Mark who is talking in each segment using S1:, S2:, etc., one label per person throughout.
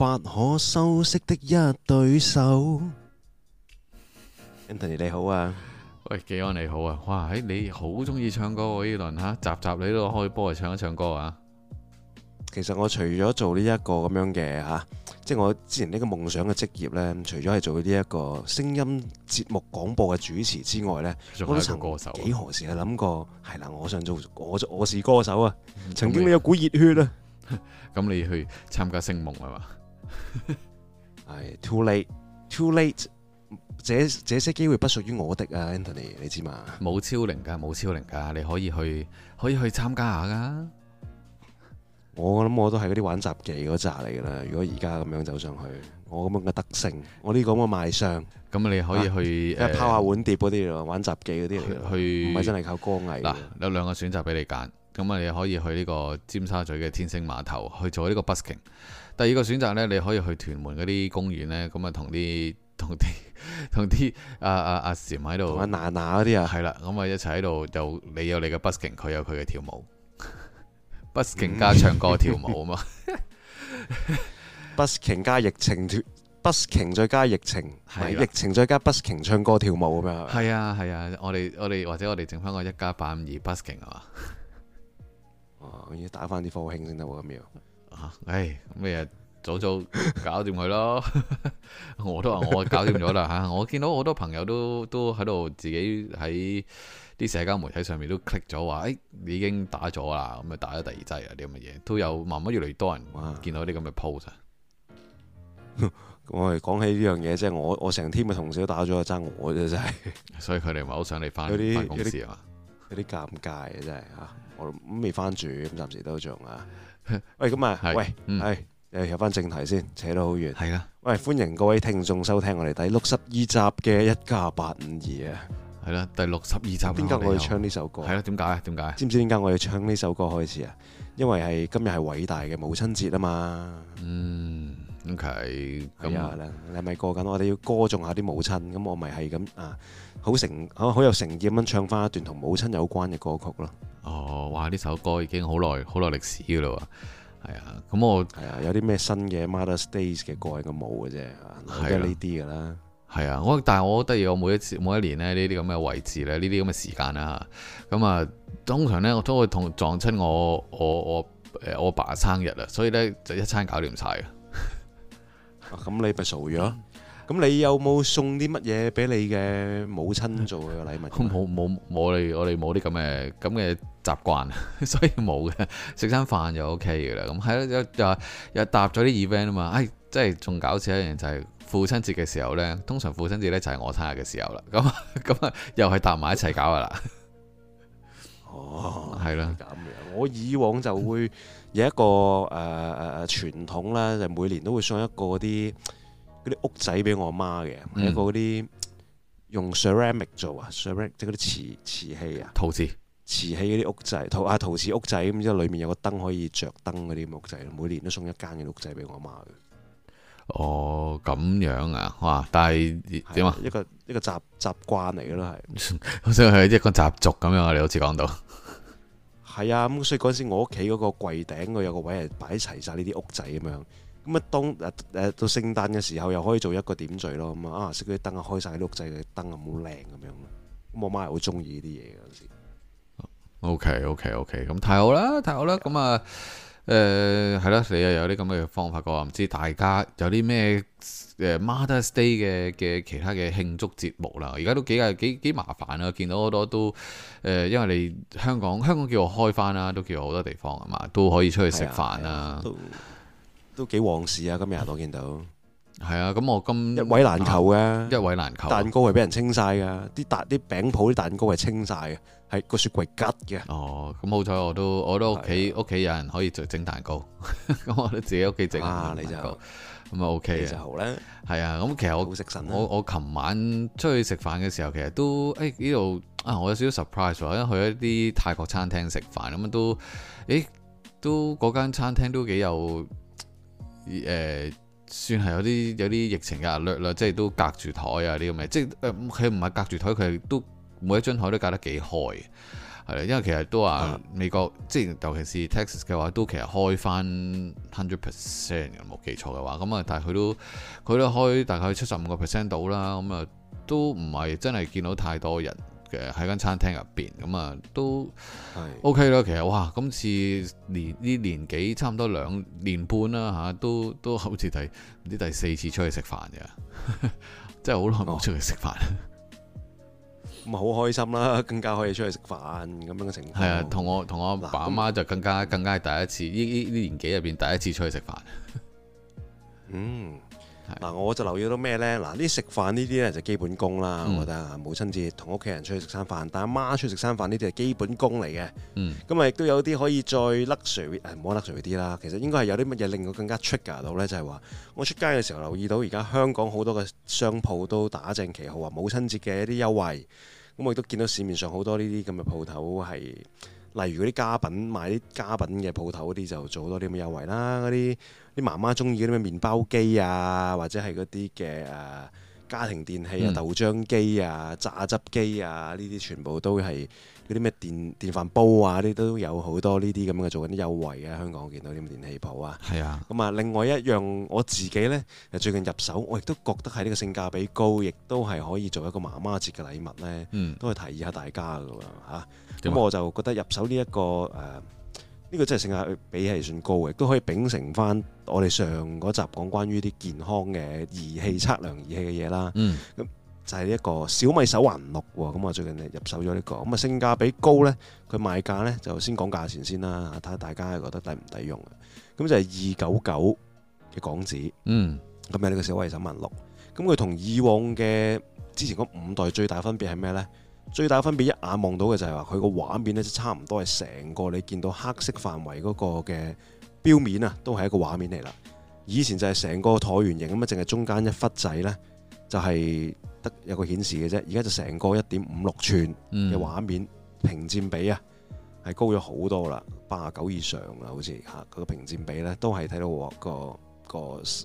S1: 法可修飾的一對手
S2: ，Anthony 你好啊，喂紀安你好啊，哇，誒，你好中意唱歌喎？呢輪吓，集集你都開波嚟，唱一唱歌啊！
S1: 其實我除咗做呢一個咁樣嘅吓，即係我之前呢個夢想嘅職業咧，除咗係做呢一個聲音節目廣播嘅主持之外咧，我都曾幾何時係諗過，係啦，我想做我做我是歌手啊！曾經你有股熱血啊！咁你去參加聲夢係嘛？係 too late，too late，這這些機會不屬於我的啊，Anthony，你知嘛？冇超齡噶，冇超齡噶，你可以去，可以去參加下噶，啊。我諗我都係嗰啲玩雜技嗰扎嚟噶啦。如果而家咁樣走上去，我咁樣嘅德性，我呢咁嘅賣相，咁啊，
S2: 你可以去，即係拋下碗碟嗰啲，玩雜技嗰啲，去唔係真係靠歌藝嗱。有兩個選擇俾你揀，咁啊，你可以去呢個尖沙咀嘅天星碼頭去做呢個 busking。第二個選擇呢，你可以去屯門嗰啲公園呢，咁啊同啲同啲同啲阿阿阿 Sam 喺度，阿、啊啊、娜娜嗰啲啊，係啦、嗯，咁啊一齊喺度就你有你嘅 busking，佢有佢嘅跳舞 ，busking 加唱歌跳舞啊嘛 ，busking 加疫情脫，busking
S1: 再加疫情，係疫情再、啊、加 busking 唱歌跳舞咁樣，係啊係
S2: 啊，啊，啊，我哋我哋或者我哋剩翻個一家八五二 busking 嘛、啊？哦要打翻啲火慶先得喎咁樣。唉，咩啊、哎？早早搞掂佢咯， 我都話我搞掂咗啦吓。我見到好多朋友都都喺度自己喺啲社交媒體上面都 click 咗話，誒，你、哎、已經打咗啦，咁、嗯、啊打咗第二劑啊啲咁嘅嘢，都有慢慢越嚟越多人見到啲咁嘅 post。我哋講
S1: 起呢樣嘢，即係我我成天嘅同事都打咗啊，爭我啫真係。 所以佢哋唔係好想你翻翻公司啊，有啲尷尬啊真係吓，我未翻住，暫時都仲啊。喂，咁啊，喂，係，誒，入翻正題先，扯得好遠，係啦。喂，歡迎各位聽眾收聽我哋第六十二集嘅一家八五二啊，係啦，第六十二集。點解我哋要唱呢首歌？係啦，點解？點解？知唔知點解我哋要唱呢首歌開始啊？因為係今日係偉大嘅母親節啊嘛。嗯，咁佢咁啊啦，你係咪過緊？我哋要歌頌下啲母親，咁我咪係咁啊，好成好有誠意咁樣唱翻一段同母親有關嘅歌曲咯。哦，哇！呢首歌已經好耐、好耐歷史噶啦喎，
S2: 係啊，咁我係啊，有啲咩新嘅 Mother's Days 嘅歌應該冇嘅啫，都係呢啲噶啦，係啊，我但係我好得意，我每一次每一年咧呢啲咁嘅位置咧呢啲咁嘅時間啦咁啊通常咧我都會同撞親我我我誒我爸生日啊，所以咧就一餐搞掂晒。嘅、 啊，咁你咪傻咗？咁你有冇送啲乜嘢俾你嘅母親做嘅禮物？我冇冇冇，我哋我哋冇啲咁嘅咁嘅習慣，所以冇嘅。食餐飯就 OK 嘅啦。咁係啦，又又搭咗啲 event 啊嘛。唉，即係仲搞笑一樣就係、是、父親節嘅時候咧，通常父親節咧就係我生日嘅時候啦。咁咁啊， 又係搭埋一齊搞噶啦。哦，係咯了。我以往就會有
S1: 一個誒誒誒傳統啦，就是、每年都會送一個啲。嗰啲屋仔俾我阿媽嘅，嗯、一個嗰啲用 ceramic 做啊，ceramic、嗯、即係嗰啲瓷瓷器啊，陶瓷瓷器嗰啲屋仔，陶啊陶瓷屋仔，咁之後裏面有個燈可以着燈嗰啲屋仔，每年都送一間嘅屋仔俾我阿媽。哦，咁樣
S2: 啊，哇！但係點啊樣一？
S1: 一個習習慣都 一個習習
S2: 慣嚟嘅咯，係好似係一個習俗咁樣，啊。你好似講到。
S1: 係 啊，咁所以嗰陣時我屋企嗰個櫃頂，我有個位係擺齊晒呢啲屋仔咁樣。咁啊，當誒誒到聖誕嘅時候，又可以做一個點綴咯。咁啊，啊，熄啲燈啊，開曬碌仔嘅燈啊，好靚咁樣。咁我媽係好中意呢
S2: 啲嘢嘅。OK，OK，OK，咁太好啦，太好啦。咁啊的，誒係啦，你又有啲咁嘅方法嘅喎。唔知大家有啲咩誒 Mother’s Day 嘅嘅其他嘅慶祝節目啦？而家都幾啊幾麻煩啊！見到好多都誒、呃，因為你香港香港叫我開翻啦，都叫好多地方啊嘛，都可以出去食飯啊。都幾旺市啊！今日我見到係啊，咁我今
S1: 一位難求嘅一位難求蛋糕係俾人清晒㗎，啲蛋啲餅鋪啲蛋糕係清
S2: 晒嘅，喺個雪櫃吉嘅。哦，咁好彩我都我都屋企屋企有人可以整蛋糕，咁 我都自己屋企整下。你就咁啊？O K 嘅時候咧，係、OK、啊。咁其實我好食神我我琴晚出去食飯嘅時候，其實都誒呢度啊，我有少少 surprise 喎，因為去一啲泰國餐廳食飯咁啊，都誒都嗰間餐廳都幾有。誒、呃、算係有啲有啲疫情㗎，壓力喇即係都隔住台啊呢咁嘅，即係誒佢唔係隔住台，佢都每一張台都隔得幾開，係啦，因為其實都話美國、嗯、即係尤其是 Texas 嘅話，都其實開翻 hundred percent 嘅，冇記錯嘅話，咁、嗯、啊但係佢都佢都開大概七十五個 percent 到啦，咁啊、嗯、都唔係真係見到太多人。喺間餐廳入邊，咁啊都 OK 啦。其實哇，今次年呢年紀差唔多兩年半啦，吓都都好似第唔知第四次出去食飯嘅， 真係好耐冇出去食飯。咁啊、哦，好 開心啦，更
S1: 加可以出去食飯咁樣嘅情
S2: 況。係啊，同我同我爸阿媽就更加更加係第一次，呢呢呢年紀入邊第一次出去食飯。 嗯。嗱，我就留意到
S1: 咩呢？嗱，呢食飯呢啲呢就是、基本功啦，嗯、我覺得母親節同屋企人出去食餐飯，但阿媽出去食餐飯呢啲係基本功嚟嘅。咁啊、嗯，亦都有啲可以再 luxury 誒 more luxury 啲啦。其實應該係有啲乜嘢令我更加 trigger 到呢？就係、是、話我出街嘅時候留意到，而家香港好多嘅商鋪都打正旗號話母親節嘅一啲優惠。咁我亦都見到市面上好多呢啲咁嘅鋪頭係，例如嗰啲家品賣啲家品嘅鋪頭嗰啲就做好多啲咁嘅優惠啦，啲。啲媽媽中意嗰啲咩麵包機啊，或者係嗰啲嘅誒家庭電器啊、豆漿機啊、榨汁機啊，呢啲全部都係嗰啲咩電電飯煲啊，呢都有好多呢啲咁嘅做緊啲優惠啊。香港我見到啲咁電器鋪啊，係啊。咁啊，另外一樣我自己呢，最近入手，我亦都覺得係呢個性價比高，亦都係可以做一個媽媽節嘅禮物呢，嗯、都係提議下大家嘅喎嚇。咁我就覺得入手呢、這、一個誒。呃呢個真係性價比係算高嘅，都可以秉承翻我哋上嗰集講關於啲健康嘅儀器測量儀器嘅嘢啦。咁，嗯，就係一個小米手環六喎，咁我最近入手咗呢個，咁啊性價比高呢？佢賣價呢，就先講價錢先啦，睇下大家係覺得抵唔抵用。咁就係二九九嘅港紙，
S2: 嗯，
S1: 咁有呢個小米手環六，咁佢同以往嘅之前嗰五代最大分別係咩呢？最大分別一眼望到嘅就係話佢個畫面呢就差唔多係成個你見到黑色範圍嗰個嘅錶面啊，都係一個畫面嚟啦。以前就係成個橢圓形咁啊，淨係中間一忽仔呢，就係、是、得有個顯示嘅啫。而家就成個一點五六寸嘅畫面、嗯屏啊，屏佔比啊，係高咗好多啦，八廿九以上啊，好似吓佢個屏佔比呢、啊，都係睇到個個誒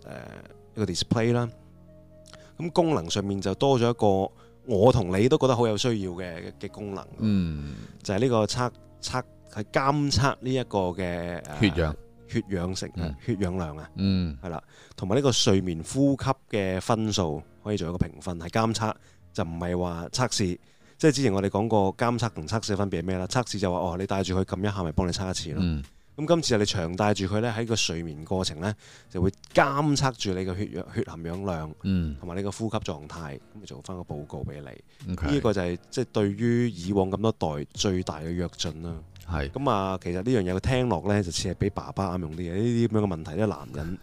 S1: 一個 display 啦。咁、啊啊啊啊啊、功能上面就多咗一個。我同你都覺得好有需要嘅嘅功能，
S2: 嗯，
S1: 就係呢個測測係監測呢一個嘅、啊、血氧、血氧成、嗯、血氧量啊，嗯，係啦，同埋呢個睡眠呼吸嘅分數可以做一個評分，係監測就唔係話測試，即係之前我哋講過監測同測試分別係咩啦？測試就話哦，你帶住佢撳一下，咪幫你測一次咯。嗯咁今次就你長戴住佢呢，喺個睡眠過程呢，就會監測住你嘅血氧、血含氧量，同埋、嗯、你嘅呼吸狀態，咁就做翻個報告俾你。呢一 Okay. 個就係即係對於以往咁多代最大嘅躍進啦。咁是啊，其實呢樣嘢佢聽落呢，就似係俾爸爸啱用啲嘢，呢啲咁樣嘅問題呢男人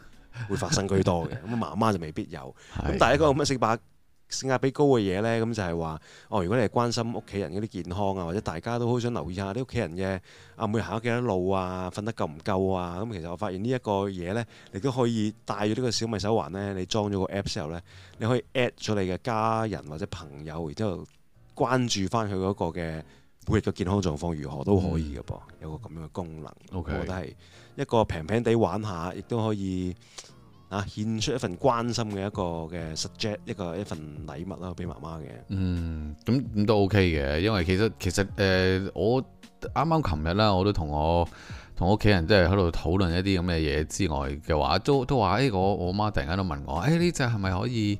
S1: 會發生居多嘅，咁 媽媽就未必有。咁是但係一、嗰個咁嘅聖巴。性價比高嘅嘢呢，咁就係、是、話哦，如果你係關心屋企人嗰啲健康啊，或者大家都好想留意下啲屋企人嘅啊，每日行咗幾多路啊，瞓得夠唔夠啊？咁、嗯、其實我發現呢一個嘢呢，你都可以帶住呢個小米手環呢，你裝咗個 app 之後呢，你可以 at 咗你嘅家人或者朋友，然之後關注翻佢嗰個嘅每日嘅健康狀況如何都可以嘅噃，嗯、有個咁樣嘅功能，Okay. 我覺得係一個平平地玩下，亦都可以。啊！獻出一份關心嘅一個嘅 subject，一個一份禮物啦，俾媽媽嘅。嗯，
S2: 咁咁都 OK 嘅，因為其實其實誒、呃，我啱啱琴日啦，我都我同我同屋企人即係喺度討論一啲咁嘅嘢之外嘅話，都都話誒、哎，我我媽突然間都問我誒呢、哎、隻係咪可以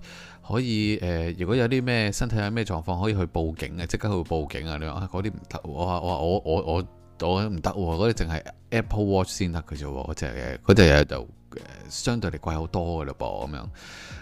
S2: 可以誒、呃？如果有啲咩身體有咩狀況，可以去報警啊，即刻去報警啊！你話嗰啲唔得，我話我話我我我我唔得喎，嗰啲淨係 Apple Watch 先得佢啫喎，嗰隻嘢，嗰隻嘢就，相對嚟貴好多嘅啦噃，咁樣，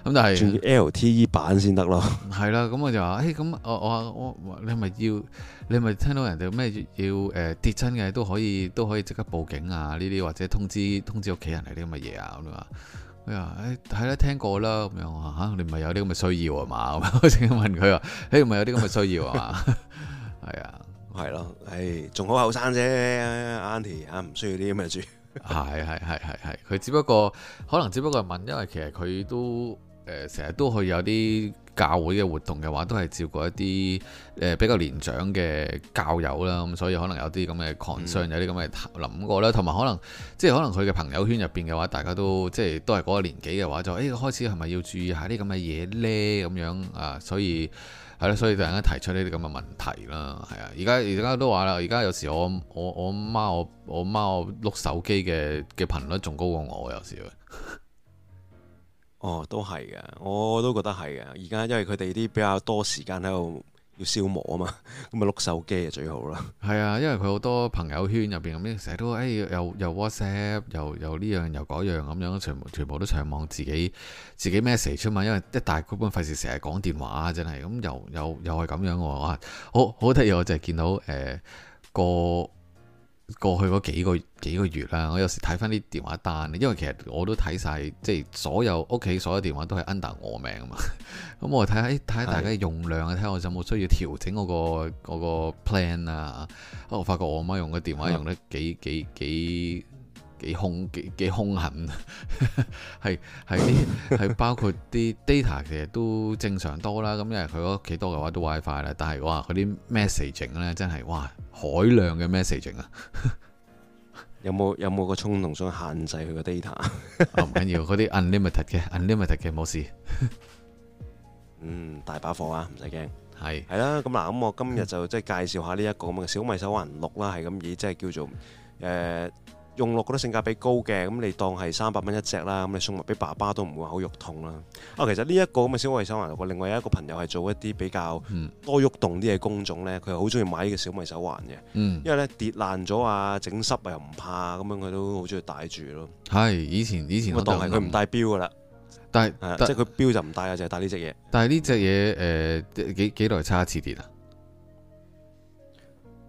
S2: 咁但係轉 LTE 版先得咯，係啦， 咁我就話，誒，咁我我我你係咪要，你係咪聽到人哋咩要誒跌親嘅都可以，都可以即刻報警啊，呢啲或者通知通知屋企人嚟啲咁嘅嘢啊，咁樣，佢話，誒，係啦，聽過啦，咁樣，我話，吓、啊，你唔係有啲咁嘅需要啊嘛，咁 先問佢話，誒，唔係有啲咁嘅需要啊嘛，係 啊，係咯，誒，仲好後生啫 Auntie 啊，唔、啊、需要啲咁嘅係係係係係，佢 只不過可能只不過係問，因為其實佢都誒成日都去有啲教會嘅活動嘅話，都係照顧一啲誒比較年長嘅教友啦。咁所以可能有啲咁嘅 concern，有啲咁嘅諗過啦。同埋可能即係可能佢嘅朋友圈入邊嘅話，大家都即係都係嗰個年紀嘅話就，就、哎、誒開始係咪要注意下啲咁嘅嘢呢？咁樣啊，所以。係咯，所以突然間提出呢啲咁嘅問題啦，係啊！而家而家都話啦，而家有時我我我媽我我媽我碌手機嘅嘅頻率仲高過我有時。 哦，都係嘅，我都覺
S1: 得係嘅。而家因為佢哋啲比較多時間喺度。要消磨啊嘛，咁咪碌手機啊
S2: 最好啦。係啊，因為佢好多朋友圈入邊咁樣，成日都誒又又 WhatsApp，又又呢樣又嗰樣咁樣，全部全部都上網自己自己 message 出嘛。因為一大 group 費事成日講電話真係咁又又又係咁樣喎啊！好好得意我就係見到誒、呃嗰個，過去嗰幾個幾個月啦，我有時睇翻啲電話單，因為其實我都睇晒，即係所有屋企所有電話都係 under 我名啊嘛。咁、 嗯、我睇下睇下大家用量啊，睇下我有冇需要調整我個我個 plan 啊。我發覺我媽用嘅電話用得幾幾幾，嗯幾幾幾凶幾幾凶狠，係係啲係包括啲 data 其實都正常多啦，咁因為佢嗰屋企多嘅話都 wifi 啦，但係哇佢啲 messaging 咧真係哇海量嘅 messaging 啊！有冇有冇個衝動想限制佢個 data？唔緊要，嗰啲 unlimited 嘅 unlimited 嘅冇事。
S1: 嗯，大把貨啊，唔使驚。係係啦，咁嗱咁我今日就即係介紹下呢一個咁嘅小米手環六啦，係咁嘢，即係叫做誒。用落覺得性價比高嘅，咁你當係三百蚊一隻啦，咁你送埋俾爸爸都唔會好肉痛啦。啊，其實呢一個咁嘅小米手環，另外有一個朋友係做一啲比較多喐動啲嘅工種咧，佢好中意買呢個小米手環嘅，嗯、因為咧跌爛咗啊，整濕啊又唔怕，咁樣佢都好中意戴住咯。
S2: 係，以前以前我當係佢唔戴表噶啦，但係即係佢
S1: 表就唔戴啊，但就係戴呢隻嘢。就
S2: 是、隻但係呢隻嘢誒幾幾耐差一次跌啦？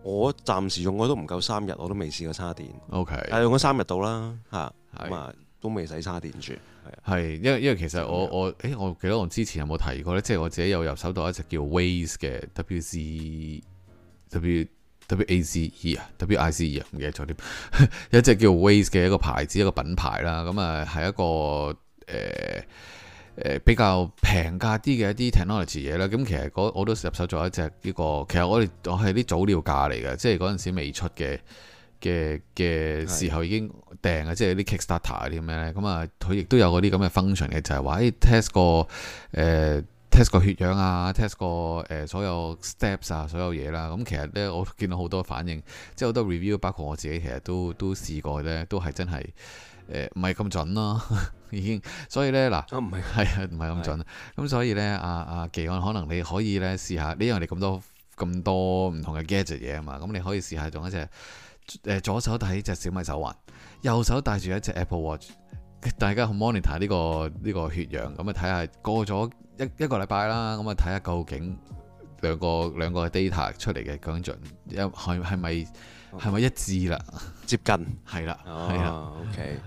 S1: 我暫時用過都唔夠三日，我都未試過叉電。O Okay , K，用咗三日到啦，嚇
S2: 咁啊，嗯、是都未使叉電住。係，因為因為其實我我，誒、欸，我記得我之前有冇提過呢？即係我自己有入手到一隻叫 Waze 嘅 W, w Z W A Z、e? W A Z E，W I Z E 唔記得咗點，有 一隻叫 Waze 嘅一個牌子一個品牌啦，咁啊係一個誒。呃、比較平價啲嘅一啲 technology 嘢啦，咁其實我都入手咗一隻呢、呢個，其實我哋我係啲早料價嚟嘅，即係嗰陣時未出嘅嘅嘅時候已經訂嘅，的即係啲 Kickstarter 啲咩咧，咁啊佢亦都有嗰啲咁嘅 function 嘅，就係話誒 test 個誒 test 個血氧啊，test 個誒所有 steps 啊，所有嘢啦，咁、嗯、其實咧我見到好多反應，即係好多 review，包括我自己其實都都試過咧，都係真係。誒唔係咁準咯，已經，所以咧嗱，係啊，唔係咁準。咁的、嗯、所以咧，阿阿奇安可能你可以咧試下，因為你咁多咁多唔同嘅 gadget 嘢啊嘛，咁、嗯、你可以試下用一隻誒、呃、左手戴住隻小米手環，右手戴住一隻 Apple Watch，大家好 monitor 呢個呢、這個血氧，咁啊睇下過咗一一個禮拜啦，咁啊睇下究竟兩個兩個 data 出嚟嘅準唔準，一係係咪？係咪 Okay. 一致啦？接近係啦，係啦。O K，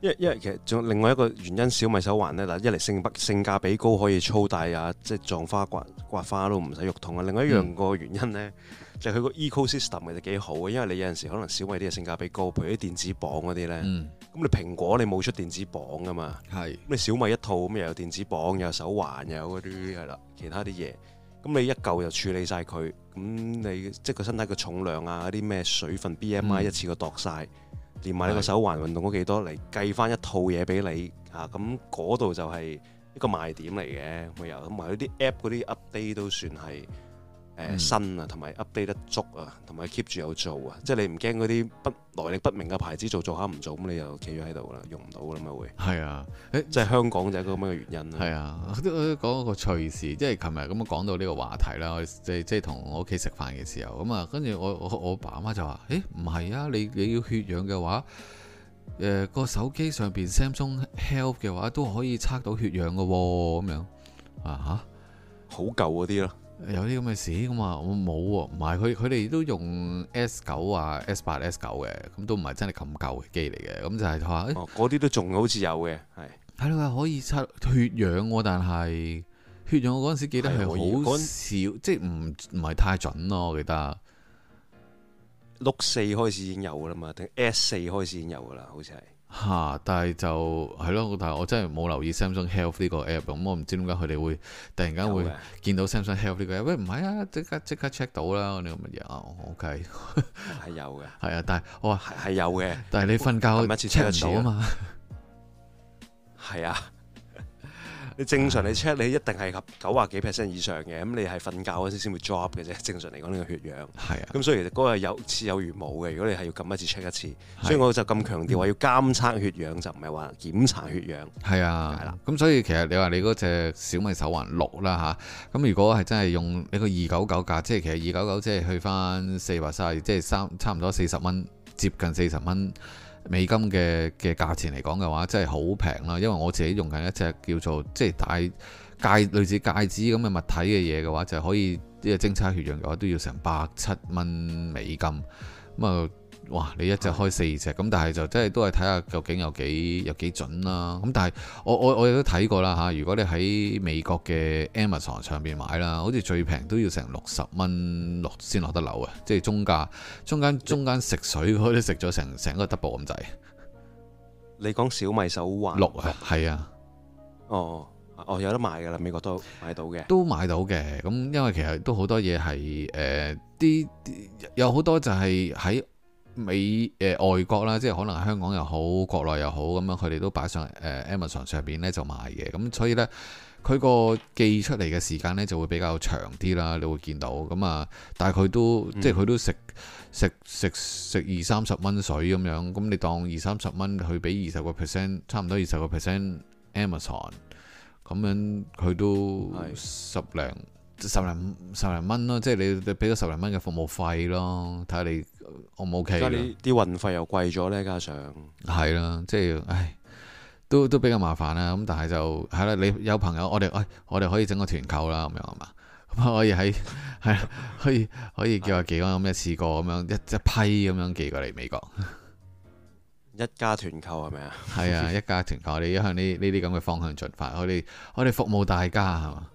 S2: 因為因為其
S1: 實仲有另外一個原因，小米手環咧嗱，一嚟性比性價比高，可以粗大啊，即係撞花刮刮花都唔使肉痛啊。另外一樣個原因咧，嗯、就係佢個 ecosystem 其實幾好嘅，因為你有陣時可能小米啲嘅性價比高，譬如啲電子磅嗰啲咧，咁、嗯、你蘋果你冇出電子磅噶嘛，係咁是你小米一套咁又有電子磅，又有手環，又有嗰啲係啦，其他啲嘢，咁你一嚿就處理晒佢。咁你即係個身體嘅重量啊，嗰啲咩水分 BMI、嗯、一次過度晒，連埋你個手環運動咗幾多嚟計翻一套嘢俾你嚇，咁嗰度就係一個賣點嚟嘅，咁有。咁同埋啲 App 嗰啲 update 都算係。誒、嗯、新啊，同埋 update 得足啊，同埋 keep 住有，有做啊，即係你唔驚嗰啲不來歷不，不明嘅牌子做做下唔做，咁你又
S2: 企咗喺度啦，用唔到咁嘛會。係啊，誒即係香港就係咁樣嘅原因。係啊，講一個趣事，即係琴日咁講到呢個話題啦，即係即係同我屋企食飯嘅時候，咁啊，跟住我我我爸媽就話：誒唔係啊，你你要血氧嘅話，誒、呃、個手機上邊 Samsung Health 嘅話都可以測到血氧嘅喎、哦，咁樣啊嚇，好舊嗰啲咯。有啲咁嘅事咁啊，我冇喎，唔係佢佢哋都用 S 九啊 S 八 S 九嘅，咁都唔係真係咁舊嘅機嚟嘅，咁就係、是、話，嗰啲、哦、都仲好似有嘅，係，睇到佢可以測血氧、哦，但係血氧我嗰時記得係好少，好 時即係唔唔係太準咯，我記得
S1: 六四開始已經有噶啦嘛，定 S 四開始已經有噶啦，好似係。
S2: 嚇、啊！但係就係咯，但係我真係冇留意 Samsung Health 呢個 app 咁、嗯，我唔知點解佢哋會突然間會見到 Samsung Health 呢個 APP，喂，喂唔係啊，即刻即刻 check 到啦呢個乜嘢啊？OK 係 有嘅，係啊，但係、哦、我話係有嘅，但係你瞓覺 check 唔到啊嘛，係
S1: 啊。正常你 check 你一定係合九啊幾 percent 以上嘅，咁你係瞓覺嗰時先會 drop 嘅啫。正常嚟講，呢個血氧係啊，咁所以其實嗰個有似有如冇嘅。如果你係要撳一次 check 一次，啊、所以我就咁強調話要監測
S2: 血氧，就唔係話檢查血氧係啊。咁、啊、所以其實你話你嗰隻小米手環六啦嚇，咁如果係真係用呢個二九九價，即係其實二九九即係去翻四百三，即係三差唔多四十蚊，接近四十蚊。美金嘅嘅價錢嚟講嘅話，真係好平啦。因為我自己用緊一隻叫做即係戴戒類似戒指咁嘅物體嘅嘢嘅話，就係、可以即係偵測血樣嘅話，都要成百七蚊美金咁啊！嗯嗯哇！你一隻開四隻咁，的但係就真係都係睇下究竟有幾有幾準啦，啊。咁但係我我我亦都睇過啦嚇、啊。如果你喺美國嘅 Amazon 上邊買啦，好似最平都要成六十蚊六先落得樓啊，即係中價中間中間，你中間食水嗰啲食咗成成個 double 咁滯。你講小米手環六啊，係六？啊，哦哦有得賣噶啦，美
S1: 國都買到嘅，
S2: 都買到嘅。咁因為其實都好多嘢係誒啲有好多就係喺。美誒、呃、外國啦，即係可能香港又好，國內又好，咁樣佢哋都擺上誒、呃、Amazon 上邊咧就賣嘅，咁所以呢，佢個寄出嚟嘅時間呢就會比較長啲啦，你會見到咁啊，但係佢都、嗯、即係佢都食食食食二三十蚊水咁樣，咁你當二三十蚊佢俾二十個 percent，差唔多二十個 percent Amazon 咁樣，佢都十零。十零十零蚊咯，即係你俾咗十零蚊嘅服務費咯，睇下你 O 唔 O K 咯。但係你啲運費又貴咗呢，加上係啦，即係，唉，都都比較麻煩啦。咁但係就係啦，你有朋友，嗯、我哋、哎、我我哋可以整個團購啦，咁樣係嘛，咁可以喺係可以可以叫阿幾個人咁一次過咁樣一一批咁樣寄過嚟美國。
S1: 一家團購
S2: 係咪啊？係啊的， 一家團購，我哋要向呢呢啲咁嘅方向進發，我哋我哋服務大家係嘛。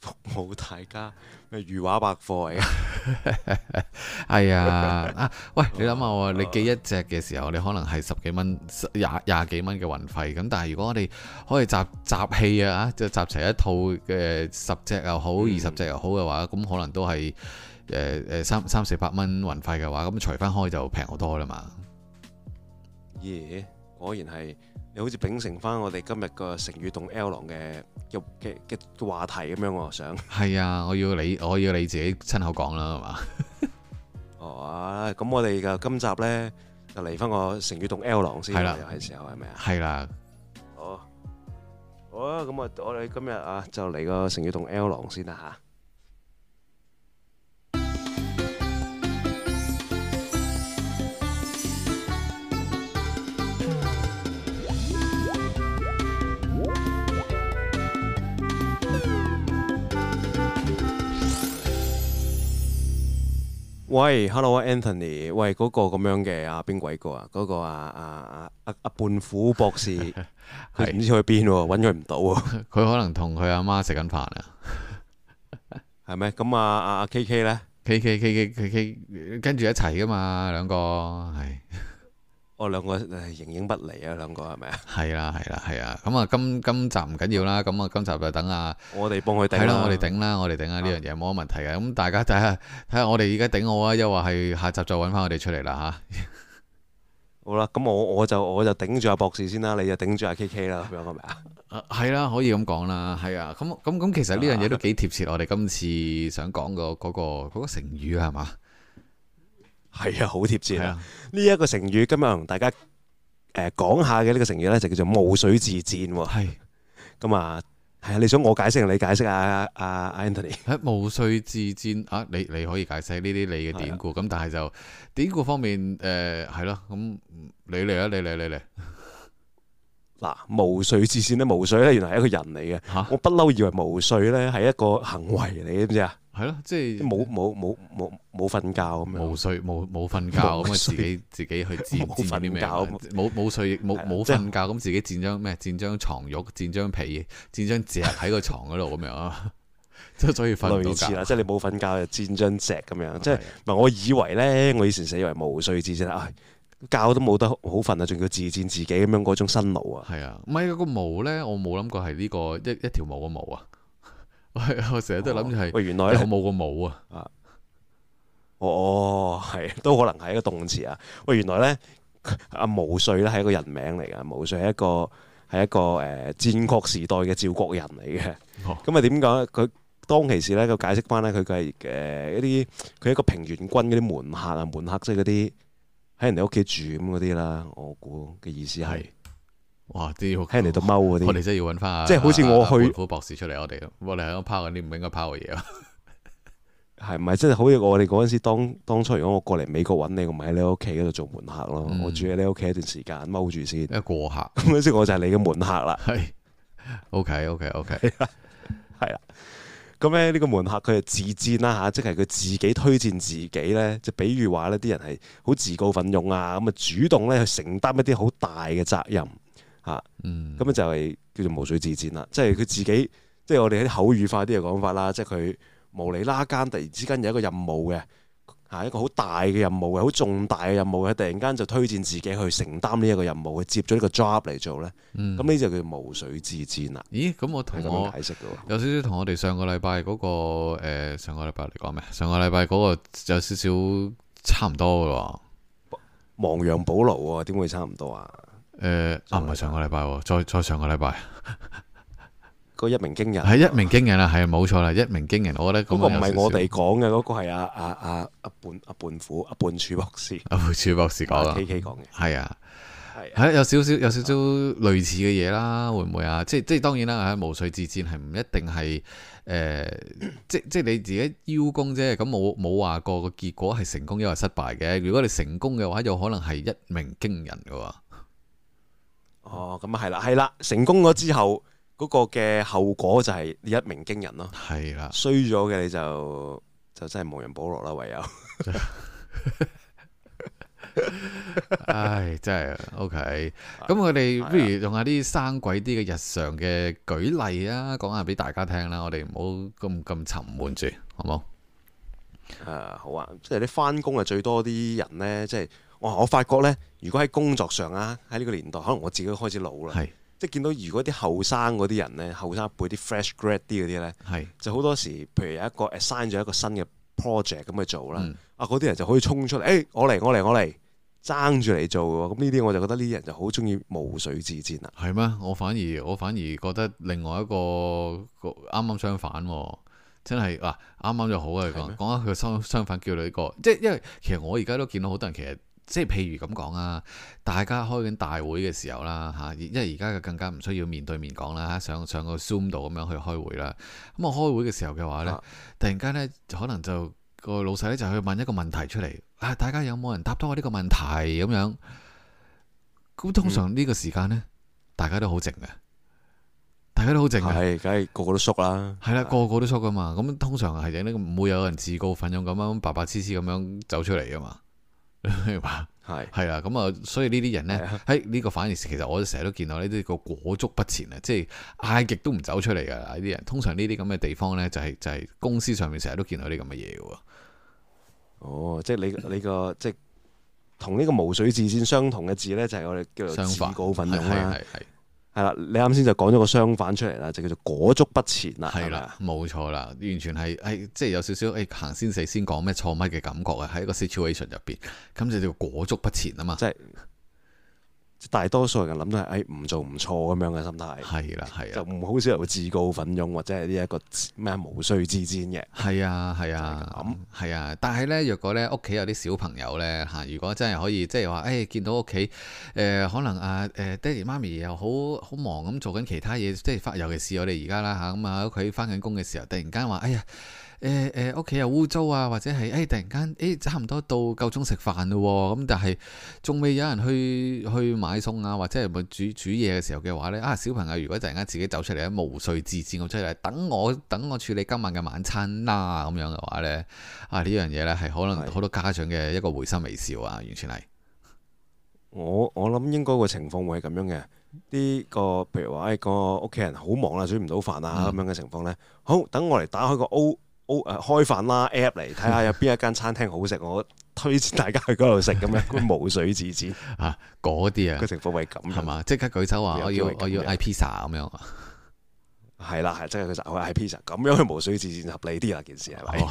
S2: 服務大家，咩如話百貨嚟噶？係啊，啊喂，你諗下喎， 你寄一隻嘅時候，你可能係十幾蚊，廿廿幾蚊嘅運費。咁但係如果我哋可以集集氣啊，啊，就集齊一套嘅，呃、十隻又好，嗯、二十隻又好嘅話，咁可能都係誒誒三三四百蚊運費嘅話，咁除返開就平好多啦嘛。耶
S1: ！Yeah. 果然係，你好似秉承翻我哋今日個成語動 L 廊嘅嘅嘅嘅話題咁樣，我想。
S2: 係啊，我要你，我要你自己親口講啦，係嘛？
S1: 哦，咁我哋嘅今集呢，就嚟翻個成語動 L 廊先啦，又係、啊、時候係咪啊？係啦。哦，好啊，咁我我哋今日啊就嚟個成語動 L 廊先啦嚇。喂，Hello，Anthony，喂嗰、那個咁樣嘅啊邊鬼個、那個、啊，嗰個啊啊啊啊胖虎博士，佢唔 是知去邊，搵佢唔到，佢 可能同
S2: 佢阿媽食緊飯啊，係 咩？咁啊啊 K K 咧，K K K K K K 跟住一齊噶嘛，兩個係。我兩個
S1: 形影不離啊，兩個係咪啊？
S2: 係啦，係啦，係啊！咁啊，今今集唔緊要啦，咁啊，今集就等阿我哋幫佢頂啦。係啦，我哋頂啦，我哋頂下呢樣嘢冇乜問題嘅。咁大家睇下，睇下我哋而家頂好啊，又話係下集再揾翻我哋出嚟啦吓。啊、 好啦，咁、嗯、我我
S1: 就我就頂住阿博士先啦，你就頂住阿 K K 啦，咁樣係咪啊？
S2: 係啦、啊，可以咁講啦，係啊，咁咁咁，其實呢樣嘢都幾貼切、啊、我哋今次想講嘅嗰個、嗰個嗰個成語係嘛？係啊，好貼切啊！呢的一個成語今日同大家
S1: 誒講下嘅呢個成語咧，就叫做毛遂自薦。係咁啊，係啊的、嗯！你想
S2: 我解釋定你解釋啊？阿 Anthony，毛遂自薦啊！你你可以解釋呢啲你嘅典故，咁的但係就典故方面誒係咯，咁你嚟啊！你嚟，你嚟。嗱，
S1: 毛遂自薦咧，毛遂咧，原來係一個人嚟嘅吓，啊、我不嬲以為毛遂咧係一個行為嚟，你知唔知啊？
S2: 係咯，即係冇冇冇冇冇瞓覺咁樣，冇睡冇冇瞓覺咁啊！自己自己去自瞓。煎咩啊？冇冇睡冇冇瞓覺咁，自己煎張咩？煎張床褥，煎張被，煎張蓆喺個床嗰度咁樣啊，即係所以瞓到啦，即係你冇瞓覺就煎張蓆咁樣，即
S1: 係係？我以為咧，我以前死以為冇睡字先啦，覺都冇得好瞓啊，仲要自煎自己咁樣嗰種辛勞啊。係啊，
S2: 唔係啊個毛咧，我冇諗過係呢個一一條毛嘅毛啊。 我成日都諗住係喂，原來咧冇個冇啊！
S1: 啊，哦，係都可能係一個動詞啊！喂、哦，原來咧阿毛遂咧係一個人名嚟噶。毛遂係一個係一個誒、呃、戰國時代嘅趙國人嚟嘅。咁啊點講咧？佢當其時咧，佢解釋翻咧，佢係誒一啲佢一個平原君嗰啲門客啊，門客即係嗰啲喺人哋屋企住咁嗰啲啦。我估嘅意思係。哇！啲 h a n d 都踎嗰啲，我哋真係要揾翻、啊，即係好似我去科、
S2: 啊、博士出嚟，我哋我哋喺度拋緊啲唔應該拋嘅嘢啊，
S1: 係唔係？即、就、係、是、好似我哋嗰陣時當，當當初如果我過嚟美國揾你，我咪喺你屋企嗰度做門客咯，嗯、我住喺你屋企一段時間踎住先，過客咁樣先，我就係你嘅門客啦。係，OK，OK，OK 啦，係、okay，啦、okay, okay. 咁咧呢個門客佢係自薦啦吓，即係佢自己推薦自己咧。就是、比如話呢啲人係好自告奮勇啊，咁啊主動咧去承擔一啲好大嘅責任。啊，咁、嗯、就係叫做無水自戰啦，即係佢自己，即係我哋喺口語化啲嘅講法啦，即係佢無理啦間，突然之間有一個任務嘅，吓一個好大嘅任務嘅，好重大嘅任務嘅，突然間就推薦自己去承擔呢一個任務，去接咗呢個 job 嚟做呢。咁呢、嗯、就叫毛遂自薦啦。咦？咁我同我解釋
S2: 有少少同我哋上個禮拜嗰個誒、呃，上個禮拜嚟講咩？上個禮拜嗰個有少少差唔多嘅喎，亡羊補牢啊？點會差唔多啊？誒，呃、啊，唔係上個禮拜，再再上個禮拜，
S1: 嗰 一鳴驚人係
S2: 一鳴驚人啦，係冇錯啦，一鳴驚人， 人。我覺得嗰個唔係我哋講嘅，嗰個係阿阿阿阿半阿半虎阿半處博士阿半處博士講啊。K K 講嘅係啊，係、啊、有少少有少少類似嘅嘢啦，會唔會啊？即即當然啦，係毛遂自薦係唔一定係誒、呃，即即你自己邀功啫。咁冇冇話過個結果係成功，又係失敗嘅。如果你成功嘅話，有可能係一鳴驚人嘅。哦，咁啊係啦，係啦，成功咗之後嗰個嘅後果
S1: 就係一鳴驚人咯，係啦，衰咗嘅你就就真係無人保落啦，唯有，
S2: 唉，真係 OK，咁我哋不如用下啲生鬼啲嘅日常嘅舉例啊，講下俾大家聽啦，我哋唔好咁咁沉悶住，好冇？誒，好啊，
S1: 即係你返工啊，最多啲人呢，即係。我我發覺呢，如果喺工作上啊，喺呢個年代，可能我自己都開始老啦。是即係見到如果啲後生嗰啲人呢，後生輩啲 fresh grad 啲嗰啲呢，是就好多時，譬如有一個 assign 咗一個新嘅 project 咁去做啦。啊、嗯，嗰啲人就可以衝出嚟，誒、欸，我嚟，我嚟，我嚟，爭住嚟做喎。咁呢啲我就覺得呢啲人就
S2: 好鍾意毛遂自薦啦。係咩？我反而我反而覺得另外一個啱啱相反、啊，真係嗱，啱啱就好嘅、啊、嗎講講下佢相相反叫你呢、呢個，即係因為其實我而家都見到好多人其實。即係譬如咁講啊，大家開緊大會嘅時候啦，吓，因為而家就更加唔需要面對面講啦，上上個 Zoom 度咁樣去開會啦。咁我開會嘅時候嘅話呢，突然間呢，就可能就個老細呢，就去問一個問題出嚟，啊，大家有冇人答到我呢個問題咁樣？咁通常呢個時間呢、嗯，大家都好靜嘅，大家都好靜嘅，係，梗係個個都縮啦，係啦，個個都縮噶嘛。咁通常係呢，唔會有人自告奮勇咁樣白白痴痴咁樣走出嚟噶嘛。係嘛，係係啦，咁啊，所以呢啲人呢，喺呢的、哎這個反而，其實我成日都見到呢啲個裹足不前啊，即係嗌極都唔走出嚟噶啦啲人。通常呢啲咁嘅地方呢、就是，就係就係公司上面成日都見到呢咁嘅嘢噶喎。哦，即係你你即、這個即係同呢個毛遂自薦相同嘅字呢，就係我哋叫做自告係啦，你啱先就講咗個相反出嚟啦，就叫做裹足不前啦。係啦的，冇錯啦，完全係係、哎、即係有少少誒、哎、行先死先講咩錯乜嘅感覺啊！喺一個 situation 入邊，咁就叫裹足不前啊嘛。即係大多數人諗都係誒，唔做唔錯咁樣嘅心態，係啦係啦，就唔好少人會自告奮勇或者係呢一個咩毛遂自薦嘅，係啊係啊，咁係啊，但係咧若果咧屋企有啲小朋友咧嚇，如果真係可以即係話誒，見到屋企誒可能啊誒爹哋媽咪又好好忙咁做緊其他嘢，即係翻，尤其是我哋而家啦嚇咁啊，喺屋企翻緊工嘅時候，突然間話哎呀～誒誒，屋企，欸呃、又污糟啊，或者係誒、欸、突然間誒、欸，差唔多到夠鐘食飯咯，咁但係仲未有人去去買餸啊，或者係煮煮嘢嘅時候嘅話呢，啊小朋友如果突然間自己走出嚟啊，毛遂自薦咁出嚟，等我等我處理今晚嘅晚餐啦，咁樣嘅話呢，啊呢樣嘢呢係可能好多家長嘅一個會心微笑啊，完全係。我我諗應該、這個
S1: 情況會係咁樣嘅，呢個譬如話個屋企人好忙啊，煮唔到飯啊咁樣嘅情況呢，好等我嚟打開個 o, O 誒，開飯啦！App 嚟睇下有邊一間餐廳好食，我推薦大家去嗰度食咁樣，都毛遂自薦吓。嗰啲啊，個情況係咁係嘛？即刻舉手話我要我要嗌 pizza 咁樣。係啦，係即係佢就嗌 pizza 咁樣，毛遂自薦合理啲啊，件事係咪？